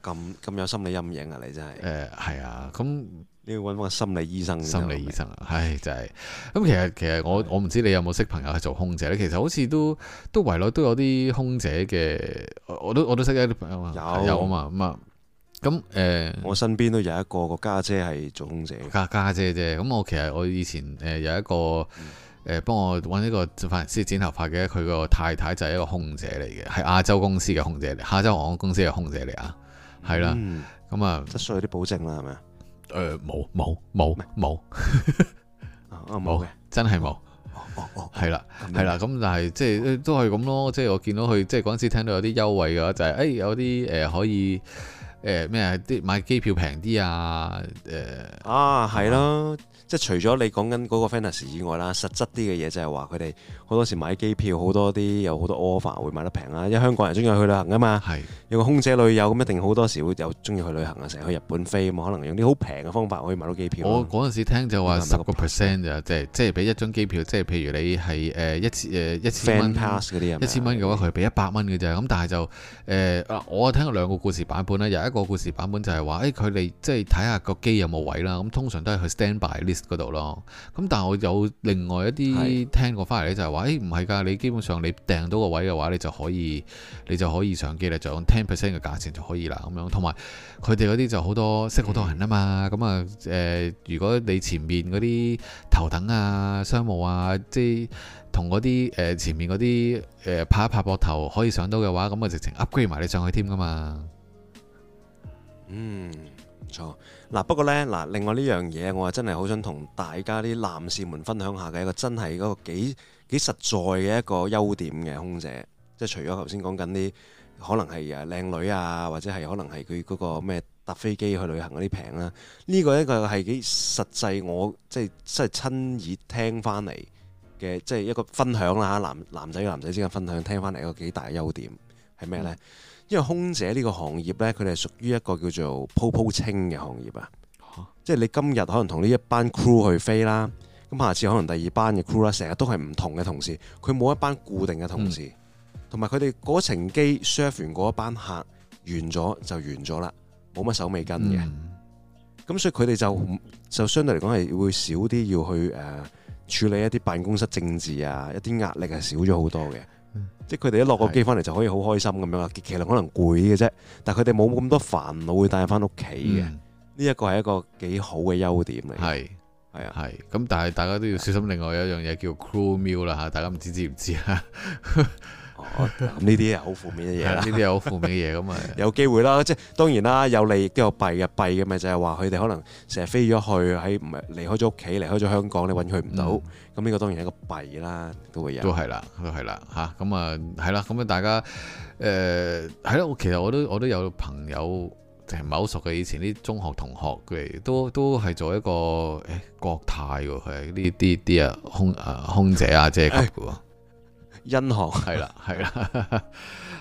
S2: 咁咁有心理陰影啊！你真係誒係啊！咁你要揾個心理醫生，心理醫生啊！係真係咁，其實其實我、啊、我唔知你有冇識朋友係做空姐咧。其實好似都都圍內都有啲空姐嘅，我都我都識一啲朋友有啊，有啊嘛咁啊。咁誒，我身邊都有一個個家姐係做空姐，姐，家家姐啫。咁我其實我以前誒有一個誒、嗯、幫我揾一個髮師剪頭髮嘅，佢個太太就係一個空姐嚟嘅，係亞洲公司嘅空姐嚟，亞洲航空公司嘅空姐嚟啊！係啦，咁啊，質素有啲保證啦，係咪啊？誒，冇冇冇冇冇，冇嘅，真係冇。哦哦，係啦，係啦，咁但係即係都係咁咯，即係我見到佢，即係嗰陣時聽到有啲優惠嘅話，就係誒有啲誒可以。誒咩啲買機票平啲啊！誒、呃、啊係咯，即係、嗯、除咗你講緊嗰個 fantasy 以外啦，實質
S1: 啲嘅嘢就係話佢哋好多時買機票好多啲有好多 offer 會買得平啦。因為香港人中意去旅行啊嘛，係的有個空姐旅遊咁一定好多時會有中意去旅行啊，成日去日本飛咁，嗯、可能用
S2: 啲好平嘅方法可以買到機票。我嗰陣時聽就話十個 percent 就即係即係俾一張機票，即係譬如你係誒一、uh, 一千誒一千蚊 pass 嗰啲，一千蚊嘅話佢係俾一百蚊嘅啫。咁但係就誒，啊、我聽過兩個故事版本咧，有一一個故事版本就係話，誒、欸，佢哋即係睇下個機有冇位啦。咁通常都係去 stand by list 嗰度咯。咁但係我有另外一啲聽過翻嚟咧，就係話，誒，唔係噶，你基本上你訂到個位嘅話，你就可以，你就可以上機咧，就用 ten percent 嘅價錢就可以啦。咁樣同埋佢哋嗰啲就好多識好多人啊嘛。咁啊、嗯，誒、呃，如果你前面嗰啲頭等啊、商務啊，即係同嗰啲誒前面嗰啲誒拍一拍膊頭可以上到嘅話，咁啊，直情 upgrade 埋你上去添噶嘛。嗯，唔錯
S1: 嗱、啊。不過呢，嗱、啊，另外呢樣嘢，我啊真係好想同大家啲男士們分享下嘅一個真係嗰個幾幾實在嘅一個優點嘅空姐，即係除咗頭先講緊啲可能係誒靚女啊，或者係可能係佢嗰個咩搭飛機去旅行嗰啲平啦。呢、這個一個係幾實際，我即係即係親耳聽翻嚟嘅，即係一個分享啦。男男仔男仔之間分享聽翻嚟一個幾大優點係咩呢？嗯因為空姐呢個行業呢，佢哋係屬於一個叫做鋪鋪清嘅行業啊，即係你今日可能同呢一班 crew 去飛啦，咁下次可能第二班嘅 crew 啦，成日都係唔同嘅同事，佢冇一班固定嘅同事，同埋佢哋嗰程機 serve 完嗰一班客完咗就完咗啦，冇乜手尾跟嘅，咁、嗯、所以佢哋就就相對嚟講係會少啲要去誒、呃、處理一啲辦公室政治啊，一啲壓力係少咗好多嘅。嗯即係佢哋一落個機翻嚟就可以好開心咁樣啦，其實的可能攰嘅啫，但係佢哋冇咁多煩惱會帶翻屋企
S2: 嘅，呢、嗯、一個係一個幾好嘅優點嚟。係係啊，係咁的，的但係大家都要小心。另外有一樣嘢叫 crew meal 啦吓，大家唔知知唔知啊？呢啲係好負面嘅嘢啦，呢啲
S1: 係好負面嘅嘢咁啊， 有機會啦，即係當然啦，有利亦都有弊嘅，弊嘅咪就係話佢哋可能成日飛咗去喺唔係離開咗屋企，離開咗香港，你揾佢唔到。No. 咁呢個當然係一個
S2: 弊啦，都會有。都係啦，都係啦，吓咁啊，係啦，咁啊，大家誒，係咯，我其實我都我都有朋友，就係唔係好熟嘅，以前啲中學同學佢哋都都係做一個誒國泰嘅，佢係呢啲啲啊空啊空姐啊，即係佢。喎。銀行係啦，係啦，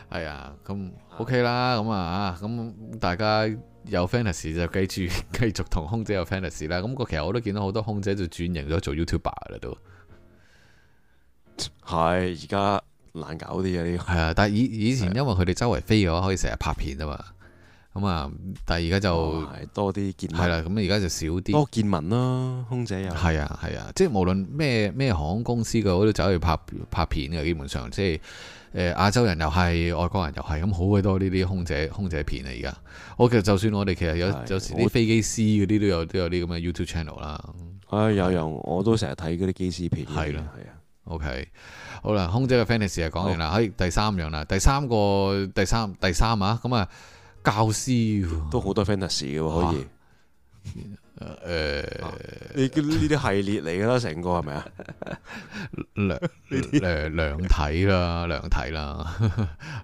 S2: 係啊，咁 OK 啦，咁啊啊，咁大家。有 fantasy 就繼續 繼續同空姐有 fantasy 啦，咁個其實我都見到好多空姐就轉型咗做 YouTuber 啦，都係而家難搞啲嘅呢？係啊，但係以以前因為佢哋周圍飛嘅話，可以成日拍片啊嘛，咁、哦、啊，但係而家就多啲見，係啦，咁而家就少啲多見聞咯、啊，空姐又係啊係啊，即係無論咩咩航空公司嘅我都走去拍拍片嘅，基本上即係。誒亞洲人又係，外國人又係，咁好鬼多呢啲空姐空姐片啊！而家，我其實就算我哋其實有有時啲飛機師嗰啲都有我都有啲咁嘅 YouTube channel 啦。有有，我都成日睇嗰啲機師片。係咯係啊，OK，好啦，空姐嘅 fantasy 係講完啦，喺好第三樣啦，第三個第三第三啊，咁啊教師都好多 fantasy 嘅可以。啊 誒，你呢啲系列嚟噶啦，成個係咪啊？兩兩兩體啦，兩體啦。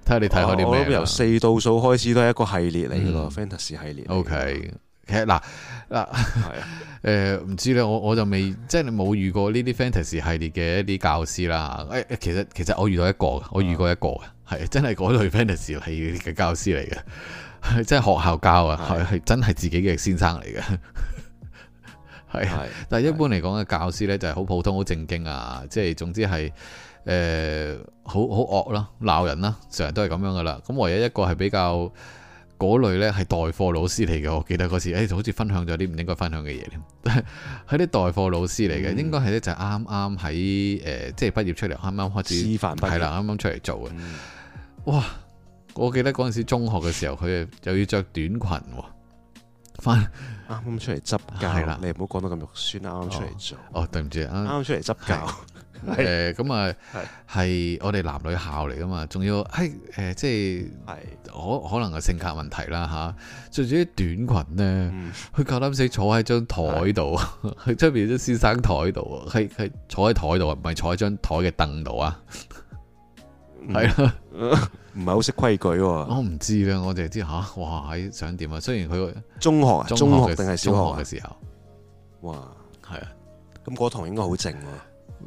S2: 睇下你睇下啲咩？我諗由四到數開始都係一個系列嚟嘅，嗯、fantasy 系列。O K，其實嗱嗱，誒、啊，唔、啊嗯、知咧，我我就未，即係冇遇過呢啲 fantasy 系列嘅一啲教師啦。誒、哎，其實其實我遇到一個，我遇過一個嘅，嗯、真係真係嗰類 fantasy 系列嘅教師嚟嘅，係真係學校教啊，係係真係自己嘅先生嚟嘅。的 係係，但係一般嚟講嘅教師咧就係好普通、好是正經啊，即係總之係誒好好惡啦，鬧、呃、人啦，成日都係咁樣噶啦。咁唯一一個係比較嗰類咧係代課老師嚟嘅，我記得嗰時誒、哎，好似分享咗啲唔應該分享嘅嘢，喺 啲代課老師嚟嘅，嗯、應該係咧就係啱啱喺誒即係畢業出嚟，啱啱開始師範係啦，啱啱出嚟做嘅。哇！我記得嗰時中學嘅時候，佢啊又要着短裙翻。啱啱出嚟執教，了你唔好講到咁肉酸。啱啱出嚟做，哦，哦，對唔住，啱啱出嚟執教，誒咁啊，係，我哋男女校嚟噶嘛，仲要係誒、呃、即係是，可可能個性格問題啦吓，着住啲短裙咧，佢夠膽死坐喺張台度，喺出邊啲先生台度，係係坐喺台度啊，唔係坐喺張台嘅凳度啊，係啦。唔係好識規矩，我唔知啊，我就知吓，哇，喺想點啊！雖然佢中學，中學定係小學嘅時候，哇，係啊，咁嗰堂應該好靜，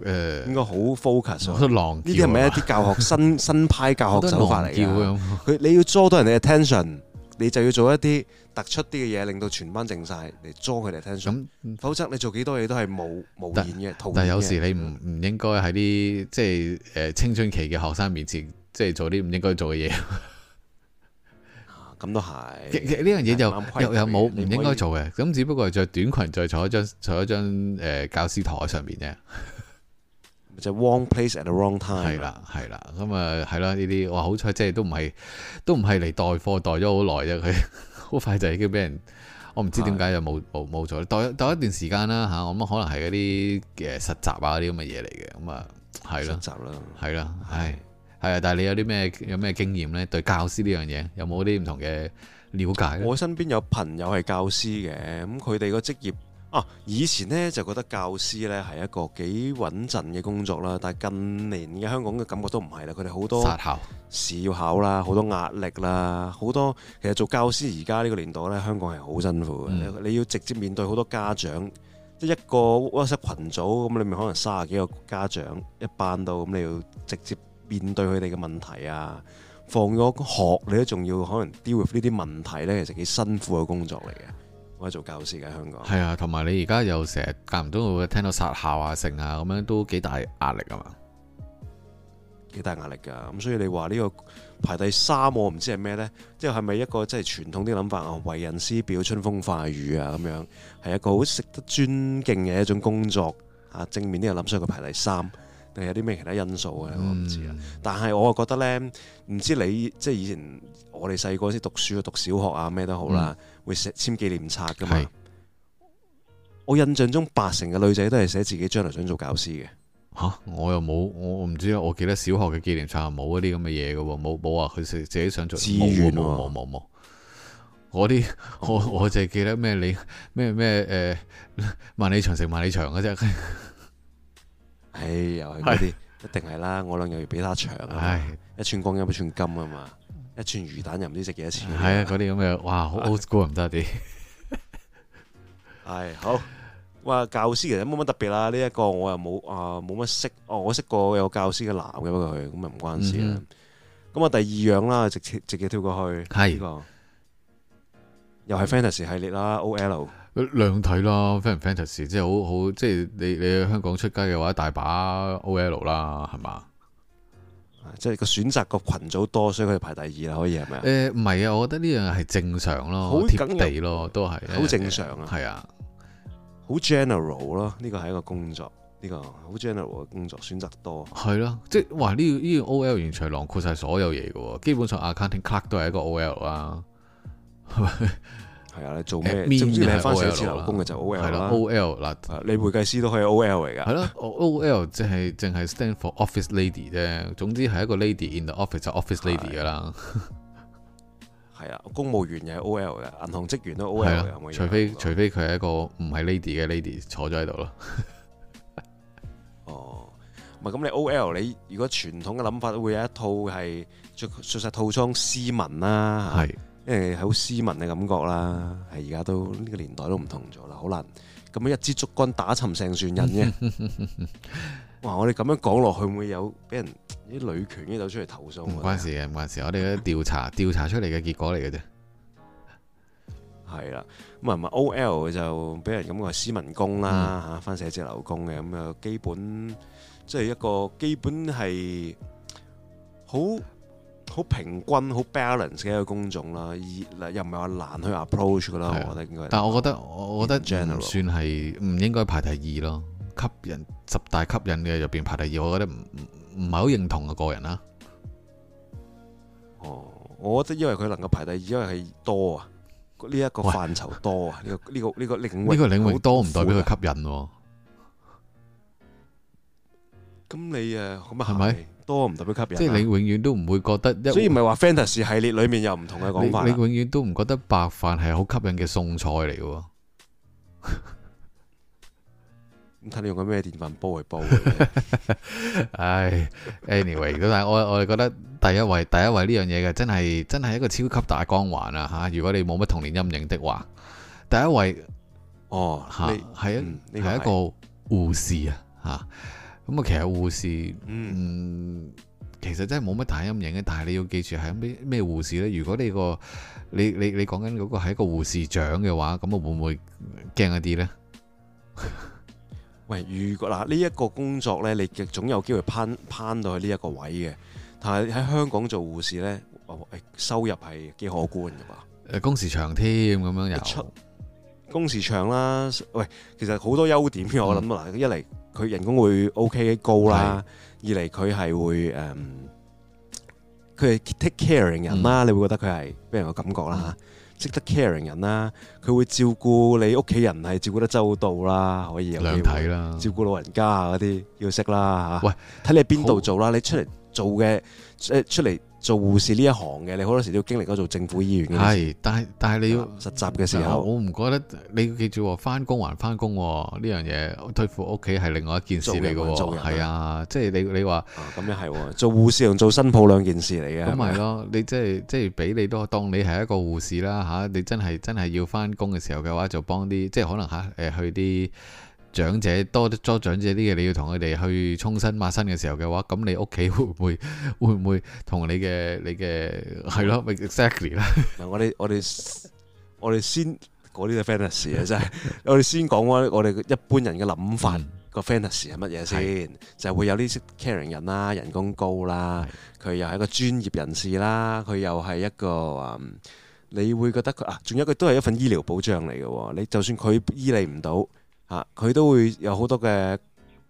S2: 誒，
S1: 應該好 focus。狼，呢啲係咪一啲教學新新派教學手法嚟？狼，佢你要捉到人哋 attention，你就要做一啲突出啲嘅嘢，令到全班靜晒
S2: 嚟捉佢哋 attention。
S1: 否則你做幾多嘢都係冇冇用嘅。但係有時你
S2: 唔唔應該喺啲即係誒青春期嘅學生面前。即係做啲唔應該做嘅嘢，咁都係。呢樣嘢又又冇唔應該做嘅，咁只不過係着短裙再坐一張坐一張誒教師台上面啫。就 wrong place at the wrong time。係啦，係啦，咁啊係啦，呢啲哇好彩，即係都唔係都唔係嚟代課代咗好耐啫。佢好快就已經俾人，我唔知點解又冇冇冇咗。代代一段時間啦嚇，咁可能係嗰啲誒實習啊嗰啲咁嘅嘢嚟嘅，咁啊係咯，係啦，係。係啊，但係你有啲咩有咩經驗呢？對教師呢樣嘢有冇啲唔同嘅了解？我身邊有朋友係教師嘅，咁
S1: 佢哋個職業啊，以前呢，就覺得教師呢係一個幾穩陣嘅工作啦，但係近年嘅香港嘅感覺都唔係啦，佢哋好多考試要考啦，好多壓力啦，好多其實做教師而家呢個年代呢，香港係好辛苦嘅，嗯、你要直接面對好多家長，即一個 WhatsApp 群組咁，你咪可能三十幾個家長一班到，咁你要直接。面對佢哋嘅問題啊，放咗學你都仲要可能 deal with 呢啲問題呢，其實幾辛苦嘅工作嚟嘅。我係做教師嘅香港。
S2: 係啊，同埋你而家又成日間唔中會聽到殺校啊、成啊咁樣，都幾大壓力啊嘛。幾大壓力㗎，咁所以你話呢個排第三，
S1: 我唔知係咩呢？即係係咪一個即係傳統啲諗法啊，為人師表、春風化雨啊咁樣，係一個好值得尊敬嘅一種工作啊。正面啲嘅諗，所以佢排第三。有啲咩其他因素嘅，我唔知啊。但係我覺得咧，唔知你即係以前我哋細個先讀書啊，讀小學啊咩都好啦，嗯、會寫簽紀念冊㗎嘛。
S2: 是我印象中八成嘅女仔都係寫自己將來想做教師嘅。嚇、啊！我又冇，我唔知。我記得小學嘅紀念冊冇嗰啲咁嘅嘢嘅喎，冇冇話佢自己想做志願喎。冇冇冇。我啲我我淨係記得咩？你咩咩誒萬里長城萬里長嘅啫。 唉，又係嗰啲，一定係啦。我兩又要俾他長啊，一寸光陰一寸金啊嘛，
S1: 一串魚蛋又唔知值幾多錢。係啊，
S2: 嗰啲咁樣，哇，old school 唔得啲。
S1: 係好，哇，教師其實冇乜特別啦。呢一個我又冇啊，冇乜識。哦，我識過有教師嘅男嘅，不過佢咁咪唔關事啦。咁啊，第二樣啦，直接
S2: 直接跳過去，係呢個，又係 fantasy 系列啦，O L。量睇咯，fantasy 即係好好，即係你你喺香港出街嘅話，大把 OL 啦，係嘛？即係個選擇個群組多，所以佢哋排第二啦，
S1: 可以係咪啊？誒，唔
S2: 係啊，我覺得呢樣係正常咯，好貼地
S1: 咯，都係好正常啊，係啊，好 general 咯，呢個係一個工作，呢個好 general 嘅工作，選擇多係
S2: 咯，即係哇！呢呢個 OL 完全囊括晒所有嘢噶，基本上 accounting clerk 都係一個 OL 啊，係咪？係啦，做咩，總之係翻寫字樓工嘅就 O L 啦。O L 嗱，你會計師都可以 O L 嚟㗎。係啦，O L 即係淨係 stand for office lady 啫。總之係一個 lady in the office 就 office lady 㗎喇。係啊，公務員又係 O L 嘅，銀行職員都 O L，除非除非佢係一個唔係
S1: lady 嘅 lady 坐咗喺度咯。哦，係咁你 O L，你如果傳統嘅諗法會有一套係著住實套裝斯文啦，係。誒，係好斯文嘅感覺啦，係而家都呢、呢個年代都唔同咗啦，好難咁樣一支竹竿打沉成船人嘅。 哇！我哋
S2: 咁樣講落去，會唔會有
S1: 俾人啲女權啲走出嚟投訴？唔關
S2: 事嘅，唔關事。我哋嘅調查調 查出嚟嘅結果嚟嘅啫。係啦，咁啊
S1: 唔係 O L 就俾人咁話斯文工啦，吓、嗯啊、翻寫字樓工嘅咁啊，基本即係、就是、一個基本係好。好平均、好 balance 嘅一個工種啦，而又唔係話難去
S2: approach 噶啦，的我覺得應該。但係 In 我覺得我覺得 general 算係唔應該排第二咯，吸引十大吸引嘅入邊排第二，我覺得唔唔係好認同嘅個人啦。
S1: 哦，我覺得因為佢能夠排第二，因為係多啊，呢、這、一個範疇多啊，呢喂、這個呢個呢個
S2: 領域呢個領域，多唔代表佢吸引喎。
S1: 咁、啊、你誒可唔可以？係咪
S2: 多唔特別吸引、啊，即係你永遠都唔會覺得，所以唔係話 fantasy 系
S1: 列裏面有唔同嘅講法、啊你。你
S2: 永遠都唔覺得白飯係好吸引嘅餸菜嚟嘅。咁睇你用緊咩電飯煲去煲？唉，anyway，都係我我哋覺得第一位第一位呢樣嘢嘅真係真係一個超級大光環啊！吓，如果你冇乜童年陰影的話，第一位，哦吓，係啊，係一個護、嗯、士啊吓。咁啊，其實護士，嗯，其實真係冇乜大陰影嘅。但係你要記住係啲咩護士咧？如果你個你你你講緊嗰個係一個護士長嘅話，咁啊會唔會驚一啲咧？ 喂，如果嗱呢一個工作咧，你亦
S1: 總有機會攀攀到去呢一個位嘅。但係喺香港做護士咧，收入係幾可觀噶嘛？誒、呃，工時長添，咁樣又工時長啦。喂，其實好多優點我諗嗱，嗯、一嚟。佢人工會 OK 高啦，是二嚟佢係會誒，佢、呃、係 take caring 人啦，嗯、你會覺得佢係俾人個感覺啦嚇，識、嗯、得 caring 人啦，佢會照顧你屋企人係照顧得周到啦，可以有幾睇啦，照顧老人家啊嗰啲要識啦嚇，喂，睇你喺邊度做啦，喂你出嚟做嘅誒好、呃、出嚟。做護士呢一行嘅，你好多時都要經歷
S2: 咗做政府醫院嘅。係，但
S1: 係但係你要實習
S2: 嘅時候，我唔覺得你要記住翻工還翻工呢樣嘢，對付屋企係另外一件事嚟嘅。係啊，啊，即係你你話咁又係
S1: 做護士同做新抱兩件事嚟嘅。咁咪咯，
S2: 你即係即係俾你都當你係一個護士啦吓，你真係真係要翻工嘅時候嘅話就幫，就幫啲即係可能吓誒去啲。長者多啲，多長者啲嘅，你要同佢哋去沖身抹身嘅時候嘅話，咁你屋企會唔會會唔會同你嘅你嘅係咯，exactly 啦。 唔我哋我哋 我哋先講呢個 fantasy 啊，真
S1: 係我哋先講我哋一般人嘅諗法個 fantasy 係乜嘢先，就係會有呢啲 caring 人啦，人工高啦，佢的又係一個專業人士啦，佢又係一個啊、嗯，你會覺得佢啊，仲有一個都係一份醫療保障嚟嘅喎，你就算佢醫你唔到。啊！佢都會有好多嘅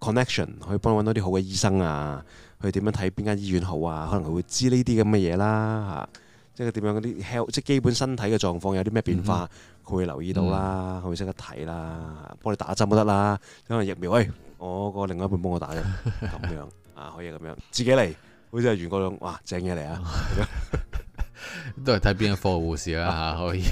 S1: connection，可以幫你揾到啲好嘅醫生啊，去點樣睇邊間醫院好啊？可能佢會知呢啲咁嘅嘢啦。嚇、啊，即係點樣嗰啲即係基本身體嘅狀況有啲咩變化，佢、嗯、哼會留意到啦，佢會識得睇啦，幫你打針都得啦。因為疫苗，誒、欸，我個另外一半幫我打嘅，咁樣 啊，可以咁樣自己嚟，好似係完個，哇，正嘢嚟啊！ 都係睇邊一科嘅護士啦、啊、嚇，可以。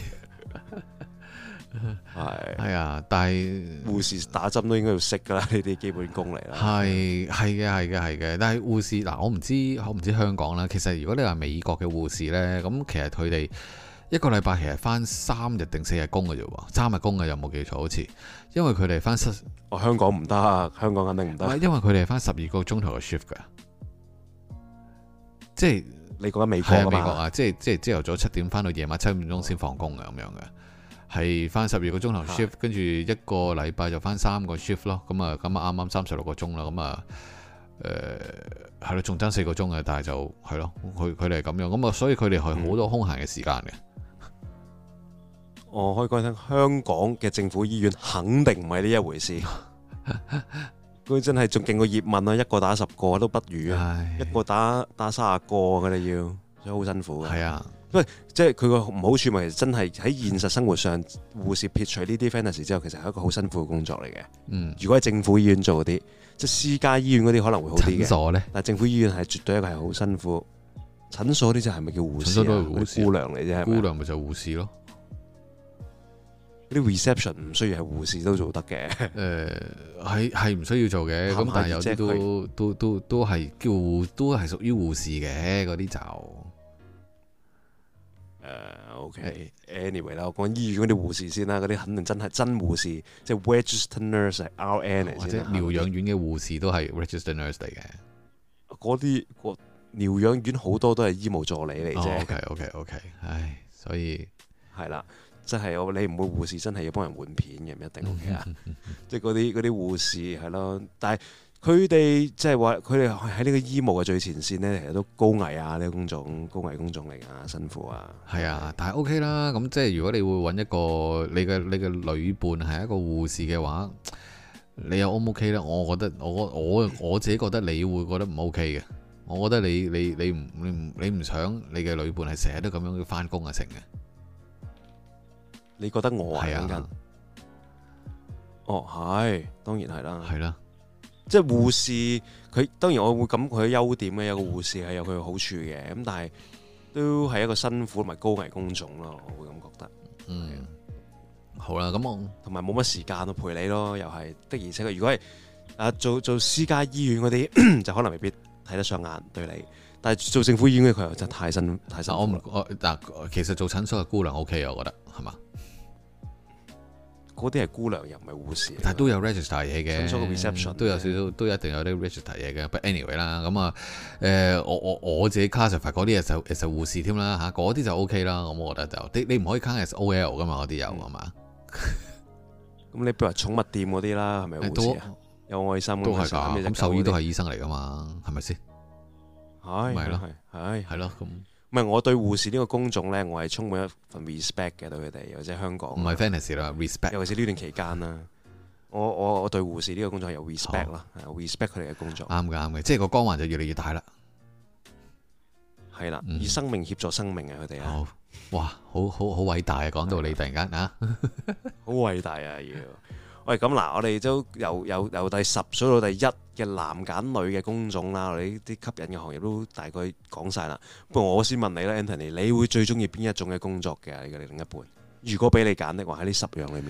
S1: 係係
S2: 啊，但係護士打針都應該要識噶啦，呢啲基本功嚟啦。係係嘅，係嘅，係嘅。但係護士嗱，我唔知我唔知香港啦。其實如果你話美國嘅護士呢，咁其實佢哋一個禮拜其實翻三日定四日工嘅啫，三日工嘅有冇記錯？好似因為佢哋翻十，香港唔得，香港肯定唔得。因為佢哋係翻十二個鐘頭嘅 shift 噶。即係你講緊美國美國啊，即係即係朝頭早七點翻到夜晚七點鐘先放工嘅咁樣嘅。係翻十二個鐘頭 shift，跟住一個禮拜就翻三個 shift 咯。咁啊，咁啊啱啱三十六個鐘啦。咁啊，誒，係咯，仲爭四個鐘嘅。但係就係咯，佢佢哋係咁樣。咁啊，所以佢哋係好多空閒嘅時間嘅、嗯。哦，可以講香港嘅政府
S1: 醫院肯定唔係呢一回事。佢 真係仲勁過葉問啊，一個打十個都不如啊，唉一個打打卅個佢哋要，所以好辛苦嘅。係啊。喂，即係佢個唔好處咪，真係喺現實生活上，護士撇除呢啲 fantasy 之後，其實係一個好辛苦嘅工作嚟嘅。嗯、如果喺政府醫院做啲，即私家醫院嗰啲可能會好啲嘅。診所但政府醫院係絕對一個係好辛苦。診所啲就係咪叫護士？診所都係護
S2: 士姑娘嚟啫，啊、係咪姑娘咪就護士咯。啲 reception 唔需要係護士都做得嘅。誒、呃，係係唔需要做嘅。咁、嗯、但係有都他都都都係叫都係屬於護士嘅嗰啲就。
S1: O K，Anyway 啦，okay, anyway, 我講醫院嗰啲護士先啦，嗰啲肯定真係真護士，即係 Registered Nurse、R N 嚟先啦。或者療養院嘅護士都係 Registered Nurse 嚟嘅，嗰啲個療養院好多都係醫務助理嚟啫。O K，O K，O K，唉，所以係 啦，即係我你唔會護士真係要幫人換片嘅，唔一定、OK。O K 啊，即係嗰啲嗰啲護士係咯，但係。佢哋即係話，佢哋喺呢個醫務嘅最前線呢，其實都高危啊！呢個工種高危工種嚟噶，辛苦
S2: 啊。係啊，但係 O K 啦。咁即係如果你會揾一個你嘅你嘅女伴係一個護士嘅話，你又 O 唔 O K 呢？我覺得我覺得我我，我自己覺得你會覺得唔 O K 嘅。我覺得你你你唔你唔你唔想你嘅女伴係成日都咁樣去翻工啊成嘅。你覺得我係啊？
S1: 的哦，係，當然係啦，係啦。即係護士，佢當然我會咁佢優點嘅，個護有個護士係有佢嘅好處嘅，咁但係都係一個辛苦同埋高危工種咯，我會咁覺得。嗯，的好啦，咁同埋冇乜時間去陪你咯，又係的而且確，如果係啊做做私家醫院嗰啲， 就可能未必睇得上眼對你，但係做政府醫院佢又真係太，太辛苦但。
S2: 但其實做診所嘅姑娘 O、OK, K 我覺得係嘛。嗰啲係姑娘又唔係護士，但係都有 register 嘢嘅，都有少少，都一定有啲 register 嘢嘅。But anyway 啦，咁啊，誒，我我我自己 classify 嗰啲就其實護士添啦嚇，嗰啲就 OK 啦。咁我覺得就你唔可以 count as OL 噶嘛，嗰啲有係嘛？咁你譬如寵物店嗰啲啦，係咪護士有愛心都係㗎，咁獸醫都係醫生嚟㗎嘛，係咪先？係咪咯？係係咯咁。
S1: 唔係，我對護士呢個工種呢，我係充滿一份 respect 嘅對佢哋，尤其係香港。唔係 fantasy 啦，respect。尤其是呢段期間啦，我我我對護士呢個工作係有 respect 啦的，respect 佢哋嘅工作。啱嘅，啱嘅，
S2: 即係個光環就越嚟越大啦。係啦了，嗯、以生命協助生命嘅佢哋好，哇，好好好偉大啊！講到你突然間啊， 好偉大啊！
S1: 要。喂，咁嗱，我哋都由由由第十數到第一嘅男揀女嘅工種啦，我哋呢啲吸引嘅行業都大概講晒啦。不過我先問你啦，Anthony，你會最中意邊一種嘅工作嘅？你嘅另一半，如果俾你揀的話，喺呢十樣裏面，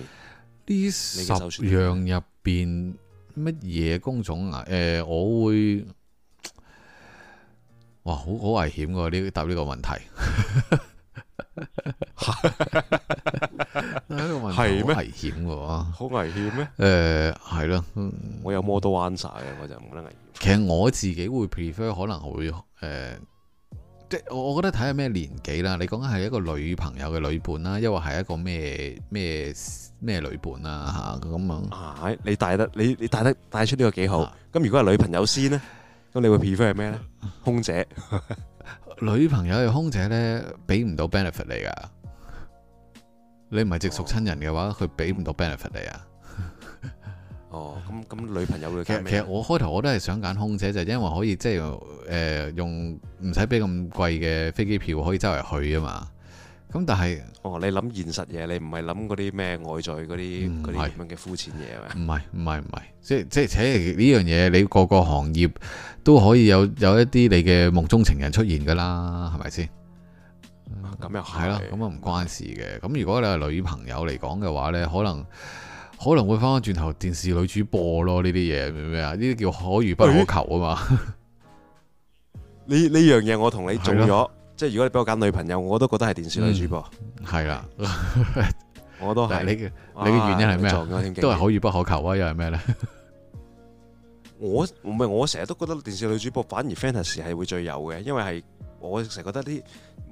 S2: 呢十樣入邊乜嘢工種啊？誒，我會，哇，好好危險喎呢？答呢個問題。係咩？危險嘅好危險咩？誒、呃，係咯，嗯、我有摩托車嘅，我就唔覺得危險。其實我自己會 prefer，可能會誒，即係我我覺得睇下咩年紀啦。你講係一個女朋友嘅女伴啦，抑或係一個咩咩咩女伴啦。吓咁啊？啊你帶得你你帶得帶出呢個幾好？咁、啊、如果係女朋友先呢？咁你會 prefer 係咩咧？空姐， 女朋友係空姐咧，俾唔到 benefit 嚟噶。你唔係直屬親人嘅話，佢俾唔到 benefit、哦、你啊？哦，咁咁女朋友會揀咩？ 其實我開頭我都係想揀空姐，就係、因為可以即係誒、呃、用唔使俾咁貴嘅飛機票，可以周圍去啊嘛。咁但係，哦，你諗現實嘢，你唔係諗嗰啲咩外在嗰啲嗰啲
S1: 咁嘅膚淺嘢啊？唔係唔
S2: 係唔係，即即係呢樣嘢，你個個行業都可以有有一啲你嘅夢中情人出現噶啦，係咪先？咁又係，係咁啊，唔關事嘅。咁如果你係女朋友嚟講嘅話咧，可能可能會返返轉頭電視女主播咯。呢啲嘢明唔明啊？呢啲叫可遇不可求啊嘛。
S1: 呢呢、欸、 樣嘢我同你做咗，
S2: 的即係如果你俾我揀女朋友，我都覺得係電視女主播。係啦、嗯， 我都係。你嘅的、啊、你嘅原因係咩？都係可遇不可求啊！又係咩咧？
S1: 我唔係，我成日都覺得電視女主播反而 fantasy 係會最有嘅，因為係。我成日覺得啲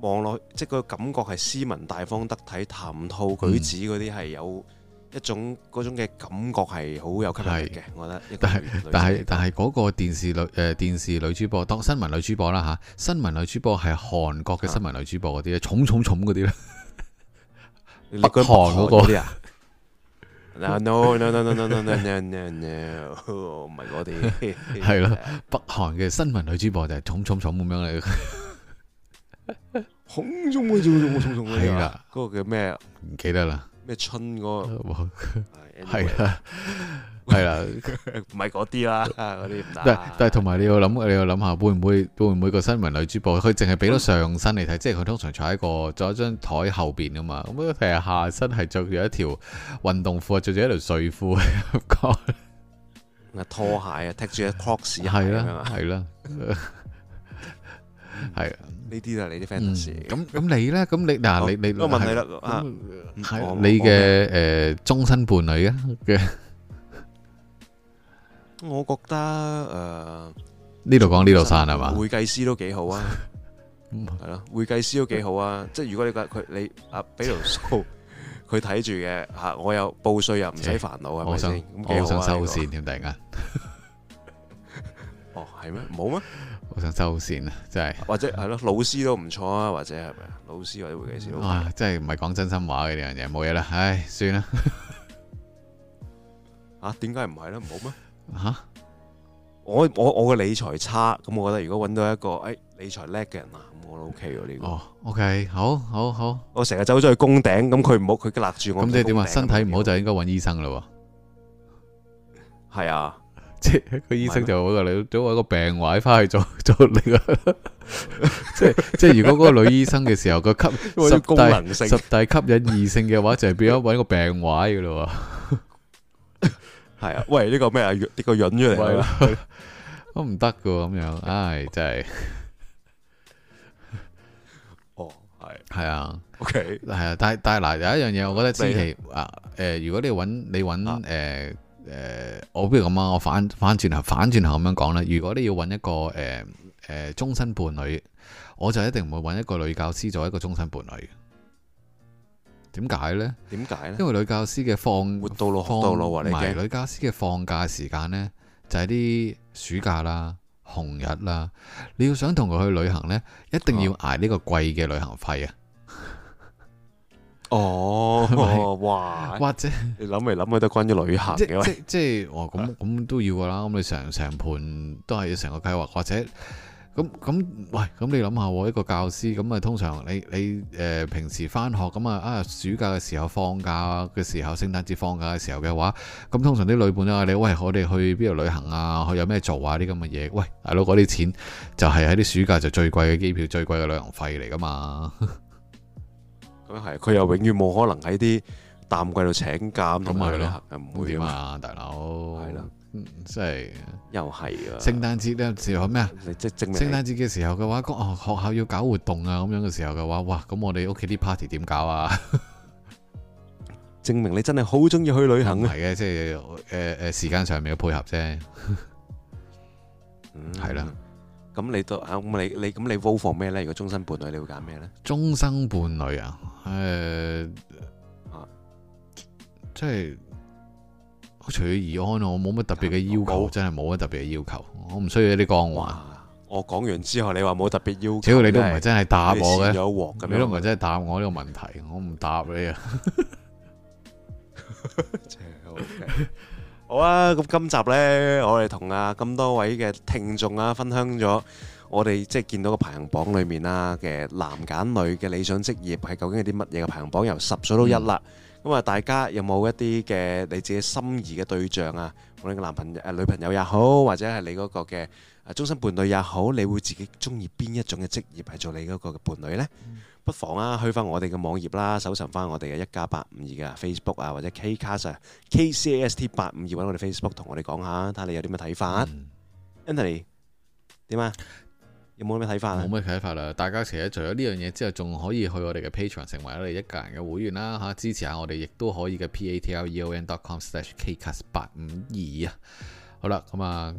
S1: 望落，即係個感覺係斯文大方得體，談吐舉止嗰啲係有一種嗰
S2: 種嘅感覺係好有吸引力
S1: 嘅，我覺得。但係但係
S2: 但係嗰個電視女、誒電視女主播當新聞女主播啦吓，新聞女主播係韓國嘅新聞女主播嗰啲咧，聳聳聳嗰啲咧，北韓嗰個啲啊
S1: ？No no no no no no no no no，唔係我哋係咯，
S2: 北韓嘅新聞女主播就係聳聳聳咁樣嚟。
S1: 空中嗰種，空中嗰啲噶，
S2: 嗰個叫咩？唔記得啦。咩春嗰個？係啦，係啦，
S1: 唔係嗰啲啦，嗰啲唔得。但係但係，同
S2: 埋你要諗，你要諗下，會唔會會唔會每個新聞女主播，佢淨係俾咗上身嚟睇，即係佢通常坐喺個坐喺張台後邊噶嘛，咁佢平日下身係着住一條運動褲，着住一條睡褲， 拖鞋啊，踢住一 cross 鞋係啦，係啦，係、 嗯。 呢啲都係，你啲 fans 寫嘅。咁咁你咧？咁你嗱你你，我問你啦，係你嘅誒終身伴侶啊？嘅，
S1: 我覺得誒，
S2: 呢度講呢度散係嘛？會
S1: 計師都幾好啊，係咯，會計師都幾好啊。即係如果你覺得佢，你俾條數，佢睇住嘅嚇，我又報稅又唔使煩惱係咪先？咁幾好啊！我想收線添，突然間？哦，係
S2: 咩？冇咩？我想收線啊，真係
S1: 或者係咯，老師都唔錯啊，或者係咪啊？老師或者會計師，哇、啊，真
S2: 係唔係講真心話嘅呢樣嘢，冇嘢啦，唉，算啦。
S1: 啊，點解唔係咧？唔好咩？吓、
S2: 啊？我我我嘅理財
S1: 差，咁我覺得如果揾到一個誒、哎、理財叻嘅人，啊，咁我都 OK 喎呢個。哦，OK，
S2: 好，好好，我成日走咗去攻頂，咁佢唔好，佢勒住我。咁即係點啊？身體唔好就應該揾醫生啦喎。係啊。即係個醫生就搵個女，做一個病位翻去做做你啊！ 即係即係，如果嗰個女醫生嘅時候，佢吸十大性十大吸引異性嘅話，就係變咗搵個病患噶咯。係 啊，喂，呢、這個咩、這個、啊？呢個潤出嚟啊，都唔得噶咁樣，唉、 哎，真係。哦，係係啊，OK，係啊，okay. 但係但係嗱，有一樣嘢，我覺得千祈喂啊，誒、呃，如果你揾你揾誒。呃誒、呃，我不如咁啊，我反反轉頭，反轉頭咁樣講啦。如果你要揾一個誒誒終身伴侶，我就一定唔會揾一個女教師做一個終身伴侶。點解呢？點解呢？因為女教師嘅放，活到老，放，活到老，放，你怕？女教師嘅放假時間呢，就係、是、啲暑假啦、紅日啦。你要想同佢去旅行呢，一定要捱呢個貴嘅旅行費啊！哦哦，哇，或者你諗嚟諗去都關於旅行即即即，哦咁咁都要噶啦。咁你成成盤都係要成個計劃，或者咁咁，喂，咁你諗下一個教師咁啊，通常你你誒平時翻學咁啊，啊暑假嘅時候放假嘅時候，聖誕節放假嘅時候嘅話，咁通常啲女伴啊，你喂，我哋去邊度旅行啊，去有咩做啊？啲咁嘅嘢，喂大佬嗰啲錢就係喺啲暑假就最貴嘅機票、最貴嘅旅行費嚟噶嘛。 咁係，佢、嗯、又永遠冇可能喺啲淡季度請假咁，同埋又唔會點啊，大佬。係啦的，即係、嗯、又係、啊、聖誕節呢時候咩啊？即證明聖誕節嘅時候嘅話，哦學，學校要搞活動啊，咁樣嘅時候嘅話，哇！咁我哋屋企啲 party 點搞啊？ 證明你真係好中意去旅行啊！係嘅、嗯，即係誒誒時間上面嘅配合啫。 嗯，係啦。 咁你都啊？咁你你咁你 volfor 咩咧？如果終身伴侶你會揀咩咧？終生伴侶，生伴侶、呃、啊？誒即係除咗怡安我冇乜特別嘅要求，真係冇乜特別嘅要求，我唔需要啲光環。
S1: 我講完之後你話冇特別要求，只要你都唔係真係答我嘅，你都唔係真係答我呢答我個問題，我唔答你啊。 okay. 好啊！咁今集呢，我哋同啊咁多位嘅聽眾啊，分享咗我哋即係見到個排行榜裏面啦嘅男揀女嘅理想職業係究竟係啲乜嘢嘅排行榜，由十到一啦。咁啊、嗯，大家有冇一啲嘅你自己心儀嘅對象啊？我哋嘅男朋友、呃、女朋友也好，或者係你嗰個嘅啊終身伴侶也好，你會自己中意邊一種嘅職業係做你嗰個嘅伴侶呢？嗯不妨啊，去翻我哋嘅網頁啦，搜尋翻我哋嘅一家八五二嘅 Facebook 啊，或者 Kcast、啊、Kcast 八五二揾我哋 Facebook 同我哋講下，睇下你有啲咩睇法、啊。嗯、Anthony
S2: 點啊？有冇咩睇法？冇咩睇法啦。大家其實除咗呢樣嘢之後，仲可以去我哋嘅 Patreon 成為我哋一家人嘅會員啦，嚇、啊、支持下我哋，亦都可以嘅 patreon.com/kcast 八五二啊。好啦，咁啊，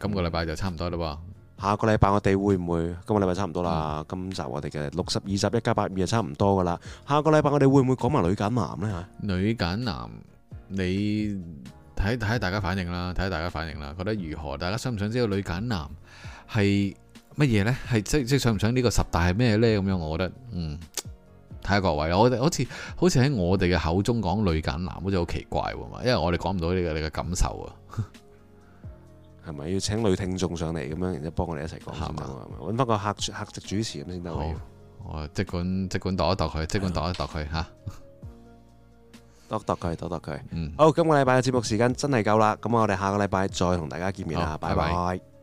S2: 今個禮拜就差唔多
S1: 咯喎。下個禮拜我哋會唔會？今個禮拜差唔多啦，嗯、今集我哋嘅六十二十一加八
S2: 二就差唔多噶啦。下個禮拜我哋會唔會講埋女揀男呢？女揀男，你睇睇下大家反應啦，睇下大家反應啦，覺得如何？大家想唔想知道女揀男係乜嘢呢？係即即想唔想呢個十大係咩呢？咁樣我覺得，嗯，睇下各位，我覺得好似好似喺我哋嘅口中講女揀男好似好奇怪嘛，因為我哋講唔到呢個你嘅感受啊。 係咪要請女聽眾上嚟
S1: 咁樣，然之後幫我哋一齊講啊，搵翻個客客席主持咁先得。好，我即管
S2: 即管度一度佢，即管度一度佢吓，度度佢，度度佢。
S1: 嗯，好，今個禮拜嘅節目時間真係夠啦，咁我哋下個禮拜再同大家見面啦，好拜拜。拜拜。